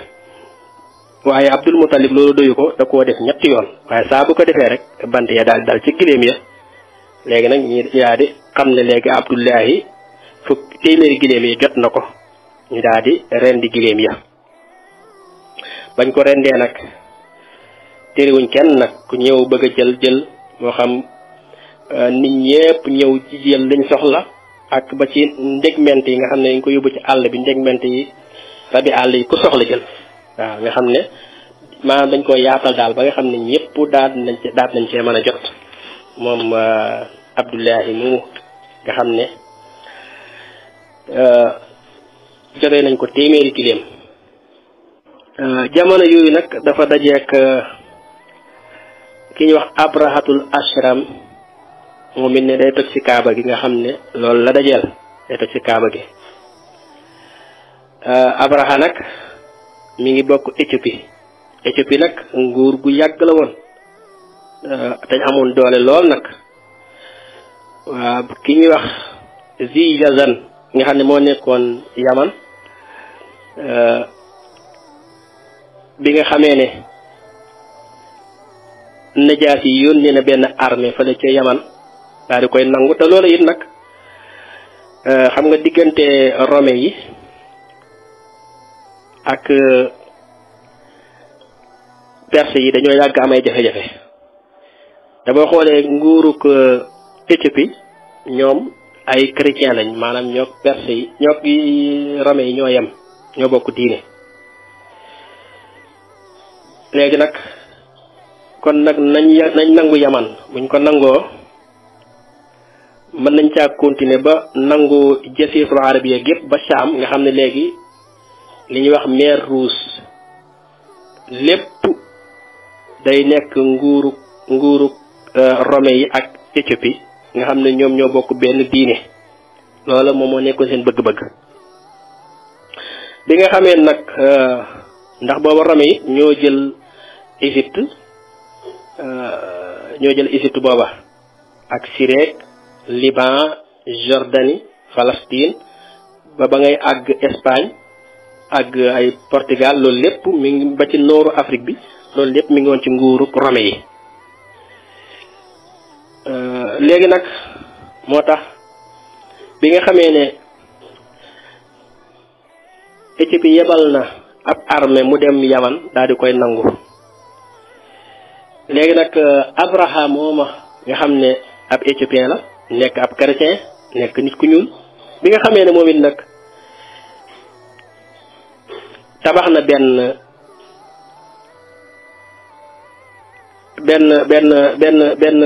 [SPEAKER 1] waaye abdul mutalib loolu doyu ko da koo def ñetti yoon waaye saa bu ko defee rek bant ya daal dal ci giléem ya léegi nag ñi yaa di xam ne léegi abdullahi fukk téeméeri giléem yi jot na ko ñu daal di rendi giléem ya bañ ko rendee nag téerewuñ kenn nag ku ñëw bëgg a jël jël moo xam euh, nit ñëpp ñëw ci jël liñ soxla ak ba ci ndegment yi nga xam ne dañ ko yóbbu ci àll bi ndegment yi rabi àll yi ku soxla jël waaw nga xam ne maanaam dañ ko yaatal daal ba nga xam ne ñëpp daal nañ ci daal nañ cee mën a jot moom euh, Abdoulahi mu nga xam ne euh, jotee nañ ko téeméeri kiléem Euh, jamono yooyu nag dafa dajeek euh, ki ñuy wax abrahatul ashram moom it ne day toj ci kaaba gi nga xam ne loolu la dajeel day ci kaaba gi euh, abraha nag mi ngi bokk Éthiopie Éthiopie nag nguur gu yàgg la woon te amoon doole lool nag waa ki ñuy wax Ziyazan nga xam ne moo nekkoon Yaman bi nga xamee ne najaas yi yónnee na benn armée fële ca yaman daal di koy nangu te loolu it nag euh, xam nga diggante rome yi ak euh, perse yi dañoo yàgg amay jafe-jafe te boo xoolee nguurug euh, Éthiopie ñoom ay chrétien lañ maanaam ñoo perse yi ñoo rome yi ñoo yem ñoo bokk diine léegi nag kon nag nañ nañ nangu yaman buñ ko nangoo mën nañ caa continuer ba nangu jasiratul arabiya gépp ba Sham nga xam ne léegi li ñuy wax mer Rouge lépp day nekk nguuru nguuru euh, Rome yi ak Éthiopie nga xam ne ñoom ñoo bokk benn diine loola moom moo nekkoon seen bëgg-bëgg bi nga xamee nag euh, ndax booba Rome yi ñoo jël euh ñoo jël Egypte boba ak Syrie Liban Jordanie Palestine ba ba ngay ag Espagne ag ay Portugal lool lepp mi ngi ba ci nooru Afrique bi lool lepp mi ngi won ci nguuru Romain yi euh, bi nga xamé ne Éthiopie yebal na ab armée mu dem yaman daal di koy nangou léegi nag euh, Abraha mooma nga xam ne ab éthiopien la nekk ab chrétien nekk nit ku ñuul bi nga xamee ne moom it nag tabax na benn benn benn benn benn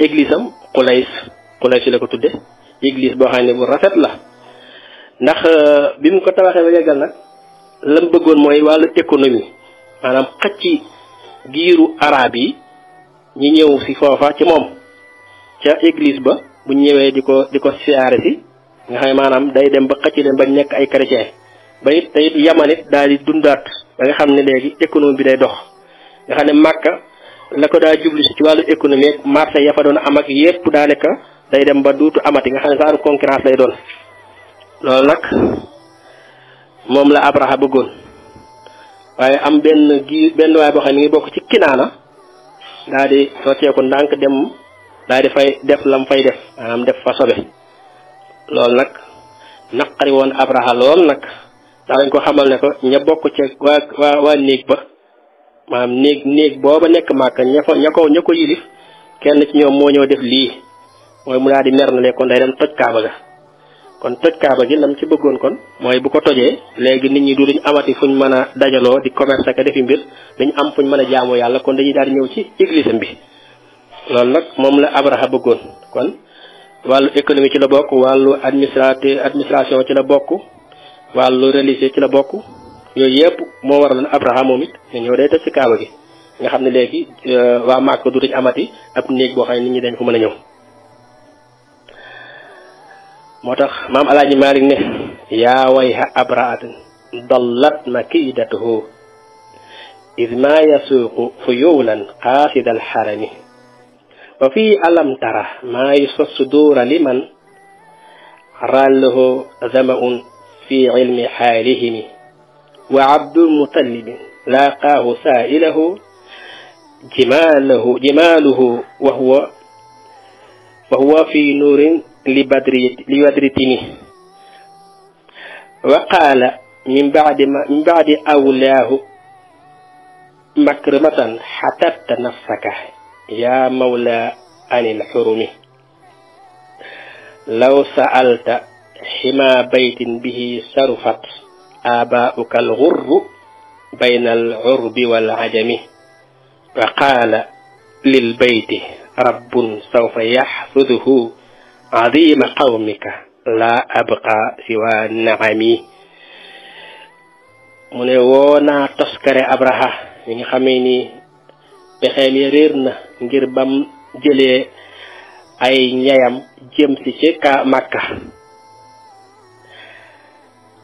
[SPEAKER 1] église am Xulays ci la ko tudde église boo xam ne bu rafet la ndax euh, bi mu ko tabaxee ba yeggal nag lam bëggoon mooy wàllu économie maanaam xëcc giiru arab yi ñi ñëw si foofa ci moom ca église ba bu ñëwee di ko di ko siyaare si nga xam ne maanaam day dem ba xëcc leen bañ nekk ay chrétien ba it te it daal di dundaat ba nga xam ne léegi économie bi day dox nga xam ne màkka la ko daa jublu si ci wàllu économie ak marché ya fa doon am ak yépp daanaka day dem ba duutu amati nga xam ne saaru concurrence lay doon loolu nag moom la Abraha bëggoon waaye am benn gi benn waay boo xam ne mi ngi bokk ci kinaana daa di sotteeku ndànk dem daa di fay def lam fay def maanaam def fa sobe woon abraha lool nag daa dañ ko xamal ne ko ña bokk ci waa waa waa néeg ba maanaam néeg néeg booba nekk màkk ña fa ña ko ña ko yilif kenn ci ñoom moo ñëw def lii mooy mu daa di mer na lekkoon day dem toj kaaba ga kon toj kaaba gi lam ci bëggoon kon mooy bu ko tojee léegi nit ñi du duñ amati fu fuñ mën a dajaloo di commerce ak defi mbir dañu am fuñ mën a jaamoo yàlla kon dañuy daal ñëw ci église bi loolu nag moom la abraha bëggoon kon wàllu économie ci la bokk wàllu administrateur administration ci la bokk wàllu religieux ci la bokk yooyu yëpp moo waraloon abraha moom it ne ñëw day toj ci kaaba gi nga xam ne léegi euh, waa Màkka du duñ amati ab néeg boo nit ñi dañ fa mën a ñëw motax mam maam malik maalik ne yaa wayha abraat dallat makidatuhu إذ ما يسوق فيولا قاصد الحرم وفي ألم ترى ما يسوى الصدور لمن راله ظمأ في علم حالهم وعبد المطلب لاقاه سائله جماله جماله وهو وهو في نور لبدرتني وقال من بعد ما من بعد أولاه مكرمة حتبت نفسك يا مولى عن الحرم لو سألت حما بيت به صرفت آباؤك الغر بين العرب والعجم وقال للبيت رب سوف يحفظه عظيم قومك la أبقى siwa نعمي mu ne woo naa toskare abraha mi nga xamee ni pexeem ya réer na ngir bam jëlee ay ñayam jëm si ci ka màkka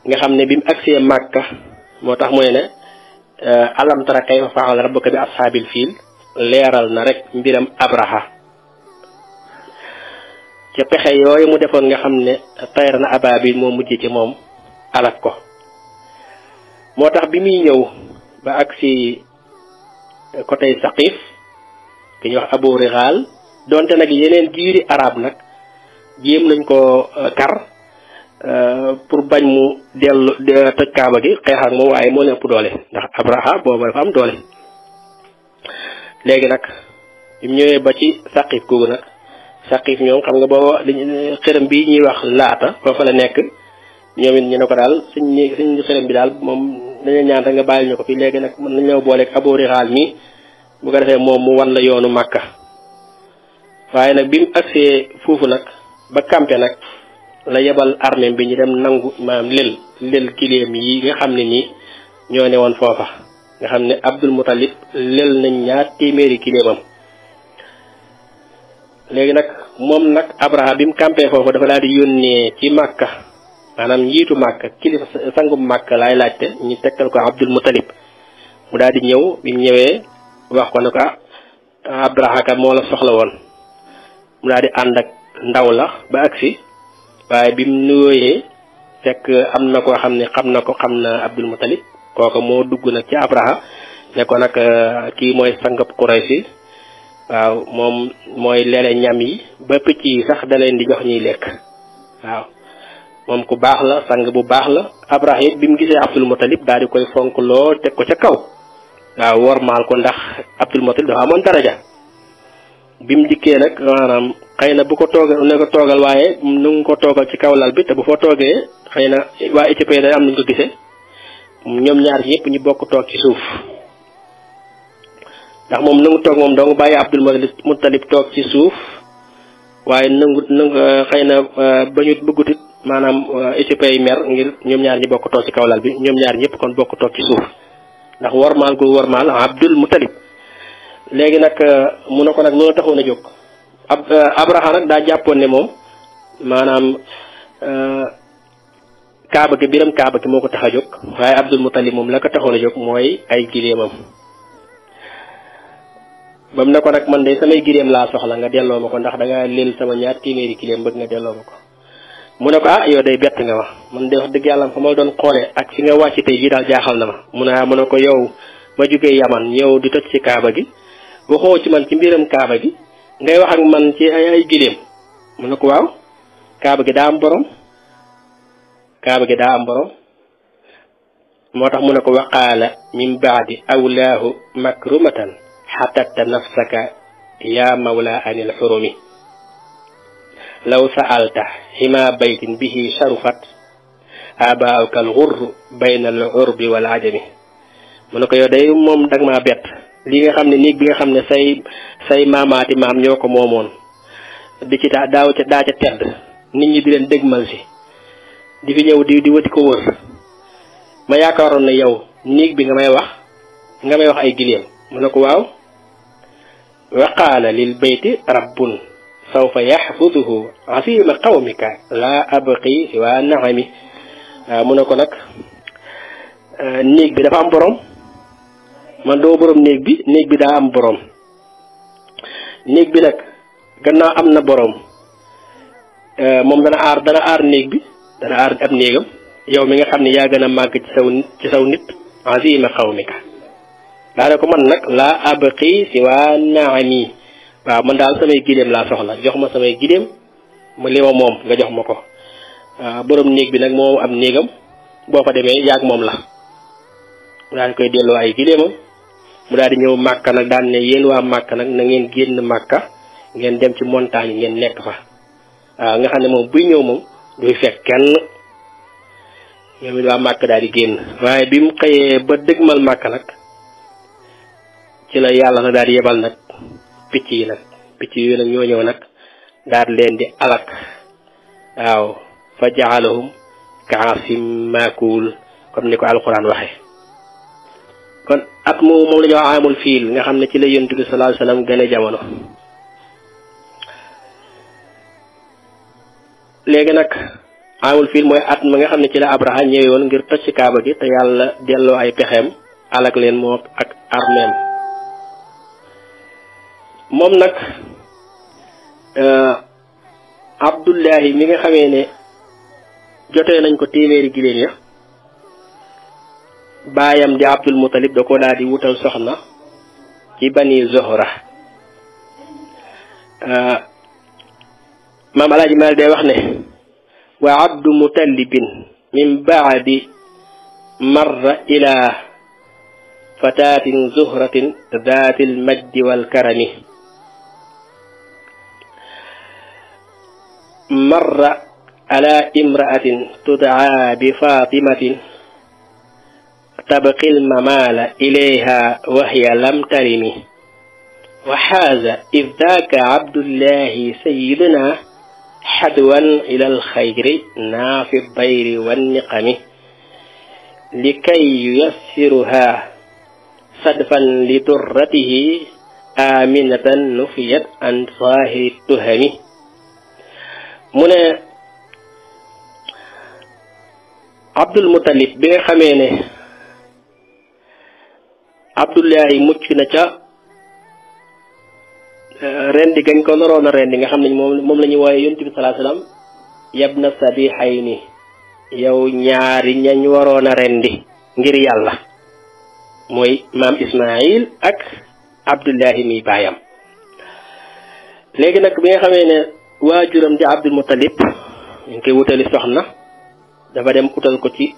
[SPEAKER 1] nga xam ne bi mu alam tara kay fa faxal rabbuka bi leeral na rek mbiram abraha ci pexe yooyu mu defoon nga xam ne tayar na abaabil moo mujj ci moom alak ko moo tax bi muy ñëw ba ak si côté saqif ki ñuy wax abu rixaal donte nag yeneen giiri arab nag jéem nañ ko euh, kar euh, pour bañ mu dellu toj kaaba gi xeex ak moom waaye moo leen ëpp doole ndax abraha booba dafa am doole léegi nag bi ñëwee ba ci saqif googu nag saqiif ñoom xam nga boo xërëm bi ñuy wax laata foofa la nekk ñoom it ñu ne ko daal suñ suñ xërëm bi daal moom dañu ñaan rek nga bàyyi ñu ko fii léegi nag mën nañoo booleeg aboo rixaal mi bu ko defee moom mu wan la yoonu màkka waaye nag bi mu agsee foofu nag ba campé nag la yebal armée bi ñu dem nangu maanaam lël lël kiléem yi nga xam ne nii ñoo ne woon foofa nga xam ne Abdul Mutalib lël nañ ñaar téeméeri kiléemam léegi nag moom nag Abraha bi mu campé foofu dafa daal di yónnee ci Màkka maanaam njiitu Màkka kilifa sangum Màkka lay laajte ñu tegtal ko Abdul Mutalib mu daal di ñëw bi ñëwee wax ko ne ko ah Abraha kat moo la soxla woon mu daal di ànd ak ndaw la ba agsi waaye bim mu nuyooyee fekk am na koo xam ne xam na ko xam na Abdul Mutalib kooku moo dugg nag ci Abraha ne ko nag kii mooy sangab Quraysh waaw moom mooy lere ñam yi ba picc yi sax da di jox ñuy lekk waaw moom ku baax la sang bu baax la Abraha it bi mu gisee Abdul Muttalib daal di koy fonk lool teg ko ca kaw waaw wormaal ko ndax Abdul Muttalib dafa amoon daraja bi mu dikkee nag maanaam xëy na bu ko toogal ne ko toogal waaye nu ngi ko toogal ci kaw lal bi te bu fa toogee xëy na waa Éthiopie day am nañ ko gisee ñoom ñaar ñëpp ñu bokk toog ci suuf ndax moom nangu toog moom dong bàyyi Abdul Muttalib toog ci suuf waaye nangu nangu euh, xëy na euh, ba ñu maanaam euh, éthiopie yi mer ngir ñoom ñaar ñi bokk toog ci kawlal bi ñoom ñaar ñëpp kon bokk toog ci suuf ndax wormaal gu wormaal Abdul Muttalib léegi nag mu ne ko nag loolu taxoon a jóg ab Abraha daa jàppoon ne moom maanaam kaaba gi biram kaaba gi moo ko tax a jóg waaye Abdul Muttalib moom la ko taxoon a jóg mooy ay gileemam ba mu ne ko nag man de samay giléem laa soxla nga delloo ma ko ndax da ngaa leel sama ñaar téeméeri giléem bëgg nga delloo ma ko mu ne ko ah yow day bett nga wax man de wax dëgg yàlla ma doon xoolee ak fi nga wàcc tey jii daal jaaxal na ma mu ne ah ko yow ma jógee yaman ñëw di toj ci kaaba gi xool ci man ci mbiram kaaba gi ngay wax ak man ci ay ay mu ne ko waaw kaaba gi daa am borom kaaba gi daa am borom moo tax mu ne ko waqaala min baadi awlaahu makrumatan حددت نفسك يا مولى عن الحرم لو سألت حما بيت به شرفت آباؤك الغر بين العرب والعجم من ko yow day mom dag ma bet li nga xamne nig bi nga xamne say say mamati mam ñoko momon di ci daaw ci daa ca tedd nit ñi di leen dégmal si di fi ñëw di di wati ko wër ma yaakaaroon ne yow bi nga may wax nga may wax ay gileem mu ne ko waaw wa qaala lil bayti rabbun sawfa yaxfuduhu asima qawmika laa abqi siwa naami mu ne ko nag néeg bi dafa am borom man doo borom néeg bi néeg bi daa am borom néeg bi nag gannaaw am na borom moom dana aar dana aar néeg bi dana aar ab néegam yow mi nga xam ne yaa gën a màgg ci saw ci saw nit asima qawmika daane ko man nag laa abqi si waa naami waaw man daal samay giléem laa soxla jox ma samay giléem ma li ma moom nga jox ma ko borom néeg bi nag moo am néegam boo fa demee yaag moom la mu daal koy delloo ay giléemam mu daal di ñëw màkk nag daan ne yéen waa màkk nag na ngeen génn màkka ngeen dem ci montagne ngeen nekk fa waaw nga xam ne moom buy ñëw moom du fekk kenn ñoom it waa màkk daal di génn waaye bi mu xëyee ba dëgmal màkka nag ci la yàlla na daal di yebal nag picc yi nag picc yooyu nag ñoo ñëw nag daal leen di alak waaw fa jaxalahum kaasim maakuul comme ni ko alquran waxe kon at mu moom la wax amul fiil nga xam ne ci la yonent bi sallallahu alayhi wasallam gën jamono léegi nag amul fiil mooy at ma nga xam ne ci la Abraha ñëwee woon ngir toj ci kaaba gi te yàlla delloo ay pexeem alak leen moo ak armeem mom nak euh abdullah mi nga xamé ne joté nañ ko téeméeri gilen ya bayam di abdul mutalib da ko daal wutal soxna ci bani zuhra euh mam alaji mal day wax ne wa abd mutalib min ba'd marra ila فتاة زهرة ذات المجد والكرم مر على امرأة تدعى بفاطمة تبقي الممال إليها وهي لم ترمي وحاز إذ ذاك عبد الله سيدنا حدوا إلى الخير نافي الضير والنقم لكي ييسرها صدفا لدرته آمنة نفيت عن ظاهر التهم mu abdul mutalib bi nga xamee ne abdullahi mucc na ca eh, rendi gañ ko naroon a rendi nga xam ne moom moom la ñuy wooye yontu bi salaa salaam yab na yow ñaari ñañ waroon a rendi ngir yàlla mooy maam ismail ak abdullahi mi Bayam, léegi nag bi nga xamee ne waajuram di Abdul Muttalib ñu ngi koy wutali soxna dafa dem utal ko ci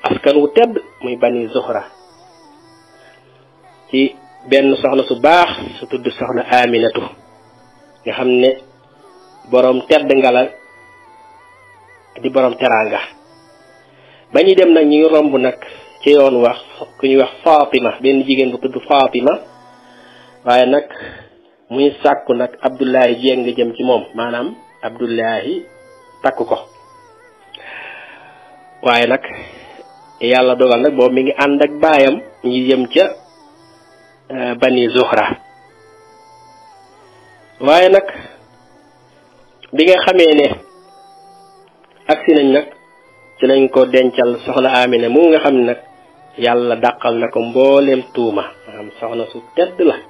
[SPEAKER 1] askan wu tedd muy bani Zuhra ci benn soxna su baax su tudd soxna Aminatu nga xam ne boroom tedd nga la di boroom teraanga ba ñuy dem nag ngi romb nag ci yoon wax ku ñuy wax Fatima benn jigéen bu tudd Fatima waaye nag muy sàkku nag Abdullahi jéng jëm ci moom maanaam Abdullahi takk ko waaye nag yàlla dogal nag boobu mi ngi ànd ak baayam ñi jëm ca euh, bani Zuhra waaye nag bi nga xamee ne agsi nañ nag ci lañ ko dencal soxna Amina mu nga xam ne nag yàlla dàqal na ko mbooleem tuuma maanaam soxna su tedd la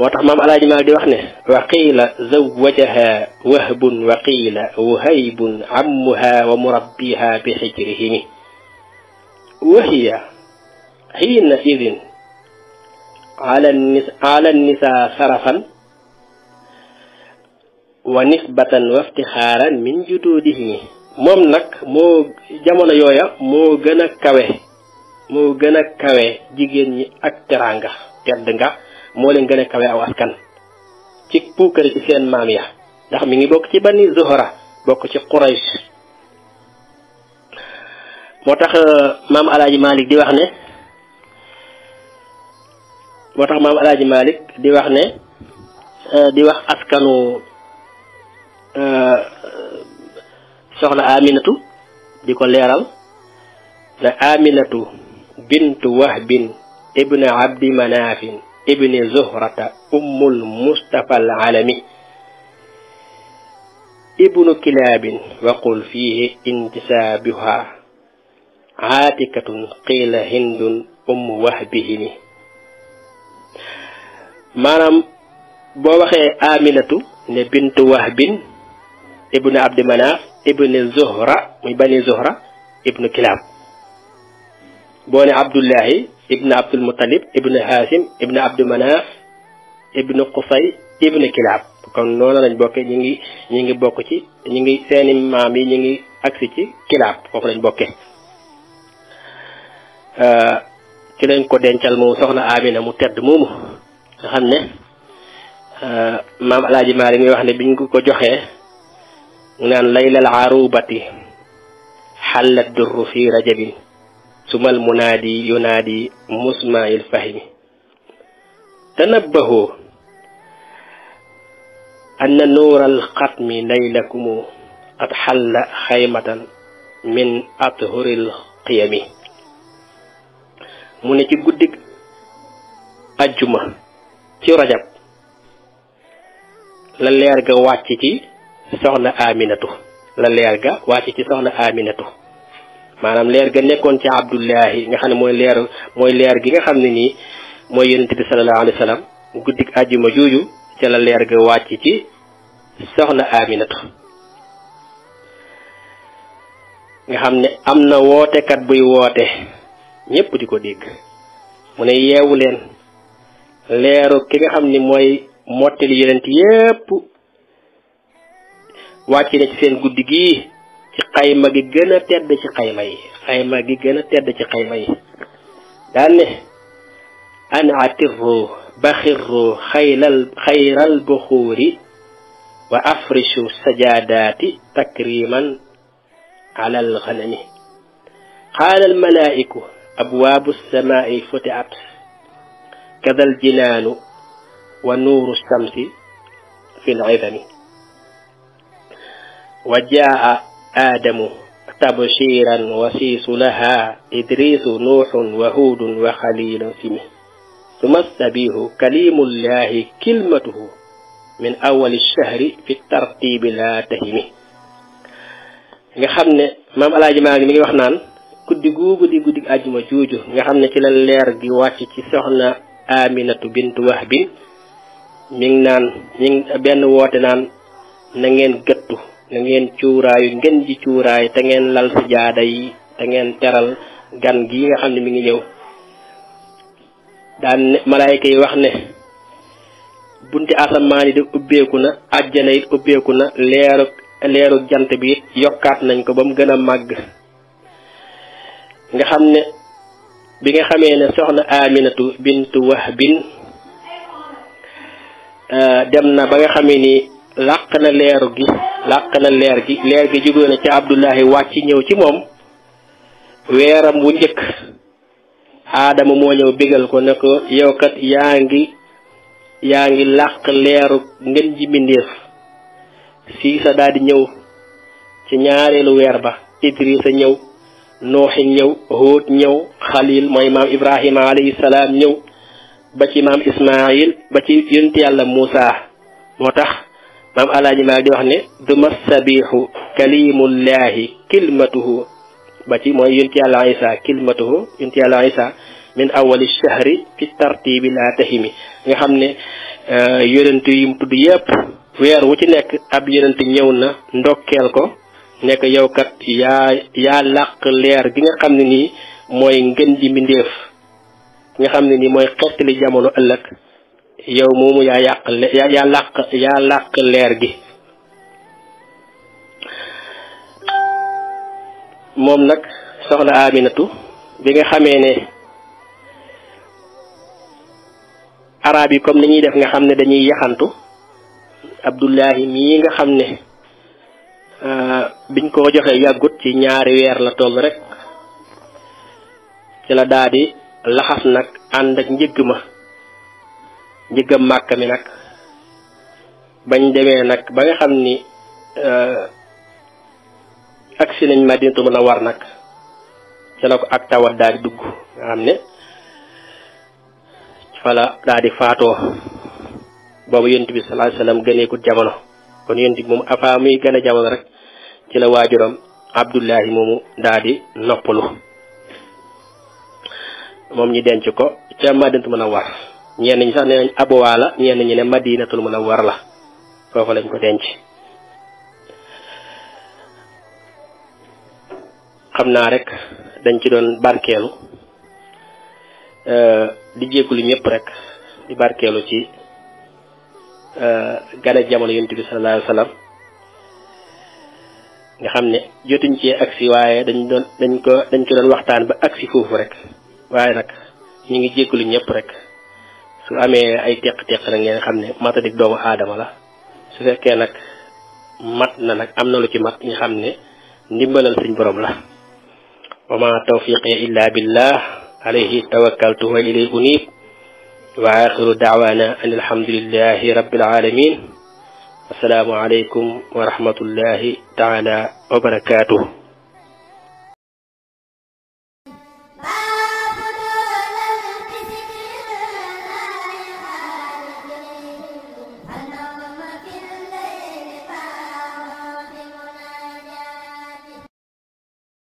[SPEAKER 1] moo tax maam alaaji maal di wax ne wa qiila zawajaha wahbun wa qiila wahaybun ammuha wa murabbiha bi xijrihimi wa hiya xiina idin ala sarafan wa nisbatan wa iftixaaran min juduudihimi moom nag moo jamono yooya moo gën a kawe moo gën a kawe jigéen ñi ak teraanga tedd nga moo leen gën a kawe aw askan ci puukare ci seen maam ya ndax mi ngi bokk ci bani Zuhra bokk ci Quraysh moo tax euh, maam alaaji Malik di wax ne moo tax maam alaaji Malik di wax ne euh, di wax askanu euh, soxla aminatu di ko leeral ne aminatu bintu wahbin ibn abdi manafin ابن زهرة أم المصطفى العالمي ابن كلاب وقل فيه انتسابها عاتكة قيل هند أم وهبه مانام بوخي آمنة بنت وهب ابن عبد مناف ابن زهرة بني زهرة ابن كلاب بوني عبد الله ibn abdul muttalib ibn haasim ibn abdu manaaf ibn qusay ibn kilaab kon noonu lañ bokkee ñi ngi ñi ngi bokk ci ñi ngi seeni maam yi ñi ngi agsi ci kilaab foofu lañ bokkee euh, ci lañ ko dencal moom soxna amina mu tedd moomu nga xam ne euh, maam alaaji maari ngi wax ne biñ ko joxee naan laylal arubati xallat durru fi rajabin sumal munaadi yunaadi musma il fahimi tanabbahu anna nuural xatmi laylakumu qad xalla xaymatan min athuril qiyami mu ne ci guddig ajjuma ci rajab la leer ga wàcc ci soxna aminatu la leer ga wàcc ci soxna aminatu maanaam leer ga nekkoon ci abdullahi nga xam ne mooy leer mooy leer gi nga xam ne nii mooy yonente bi sallallahu alayhi wa sallam guddik àjjuma jooju ca la leer ga wàcc ci soxna Aminatu nga xam ne am na wootekat buy woote ñépp di ko dégg mu ne yeewu leen leeru ki nga xam ni mooy mottali yonent yépp wàcc na ci seen guddi gii ci xayma gi gën a tedd ci xayma yi xayma gi gën a tedd ci xayma yi daan ne an atirru baxirru xaylal xayral buxuuri wa afrishu sajaadaati takriman ala alxanami qaala almalaa'iku abwaabu samaa'i futiat kada aljinaanu wa nuuru samsi fi alcidami wa jaa'a آدم تبشيرا وسيس لها إدريس نوح وهود وخليل سمه ثم السبيه كليم الله كلمته من أول الشهر في الترتيب لا تهمه nga xam ne maam alaaji maa ngi mi ngi wax naan guddi gu guddi guddi ajuma jooju nga xam ne ci la leer gi wàcc ci soxna aminatu bintu wax bin mi ngi naan mi benn woote naan na ngeen gëttu na cuuraayu ngeen ji cuuraay te ngeen lal si yi te ngeen teral gan gi nga xam ne mu ngi ñëw daan malaayka yi wax ne bunti asamaan yi di ubbeeku na àjjana it ubbeeku na leeru leeru jant bi yokkaat nañ ko ba mu gën a màgg nga xam ne bi nga xamee ne soxna Aminatu bintu Wahbin euh, dem na ba nga xamee ni làq na leeru gi làq na leer gi leer gi jóge na ca Abdullahi wàcc ñëw ci moom weeram wu njëkk aadama moo ñëw bégal ko ne ko yow kat yaa ngi yaa ngi làq leeru ngeen ji mbindéef siisa daldi ñëw ci ñaareelu weer ba sa ñëw nooxi ñëw Hóot ñëw Xalil mooy maam Ibrahima alayhi salaam ñëw ba ci maam Ismaayil ba ci yonent yàlla Muusa moo tax maam alaaji maa di wax ne duma sabiixu kalimullaahi kilmatuhu ba ci mooy yunti yàlla saa kilmatuhu yunti yàlla isa min awali shahri fi tartibi laa tahimi nga xam ne euh, yonent yi mu tudd yépp weer wu ci nekk ab yonent ñëw na ndokkeel ko nekk yow kat yaa yaa làq leer gi nga xam ne nii mooy ngën ji mbindéef nga xam ne nii mooy xettali jamono ëllëg yow ya ya yak ya ya ya lak leer gi mom nak soxna aminatu bi nga xamé né arab yi comme ni def nga xamné dañuy yaxantu abdullahi mi nga xamné euh biñ ko joxé yagut ci ñaari weer la toll rek ci la daadi la xass nak and ak ñeeguma digam gëm màkk mi nag bañ démé nak ba nga xamni euh agsi nañ madinatu mën a war nag ca la ak tawat daal di dugg nga xam ne daal di faato bobu yonent bi wasallam gëné ko jamono kon yonent mom afa muy gëna jamono rek ci la wajuram abdullah momu daal di noppalu mom ñi denc ko ci madinatu mën war ñen ñi sax neñ nañ wala, la ñenn ñi ne madinatul munawwar la fofu lañ ko denc xamna rek dañ ci doon euh di jéggulu ñëpp rek di barkelu ci euh, gane jamono yonte bi sallallahu alayhi wasallam nga xamne ne jotuñ ci aksi waye dañ doon dañ ko dañ ci doon waxtaan ba aksi fofu rek waye nak ñi ngi rek su amee ay teq-teq nag ngeen xam ne matadik doomu aadama la su fekkee nag mat na nag am na lu ci mat ñu xam ne ndimbalal suñ boroom la wa ma tawfiqi illa billah alayhi tawakkaltu wa ilayhi unib wa axiru daawaana an alhamdulillahi rabbil alamin assalaamu alaykum wa rahmatullahi taala wa barakaatuh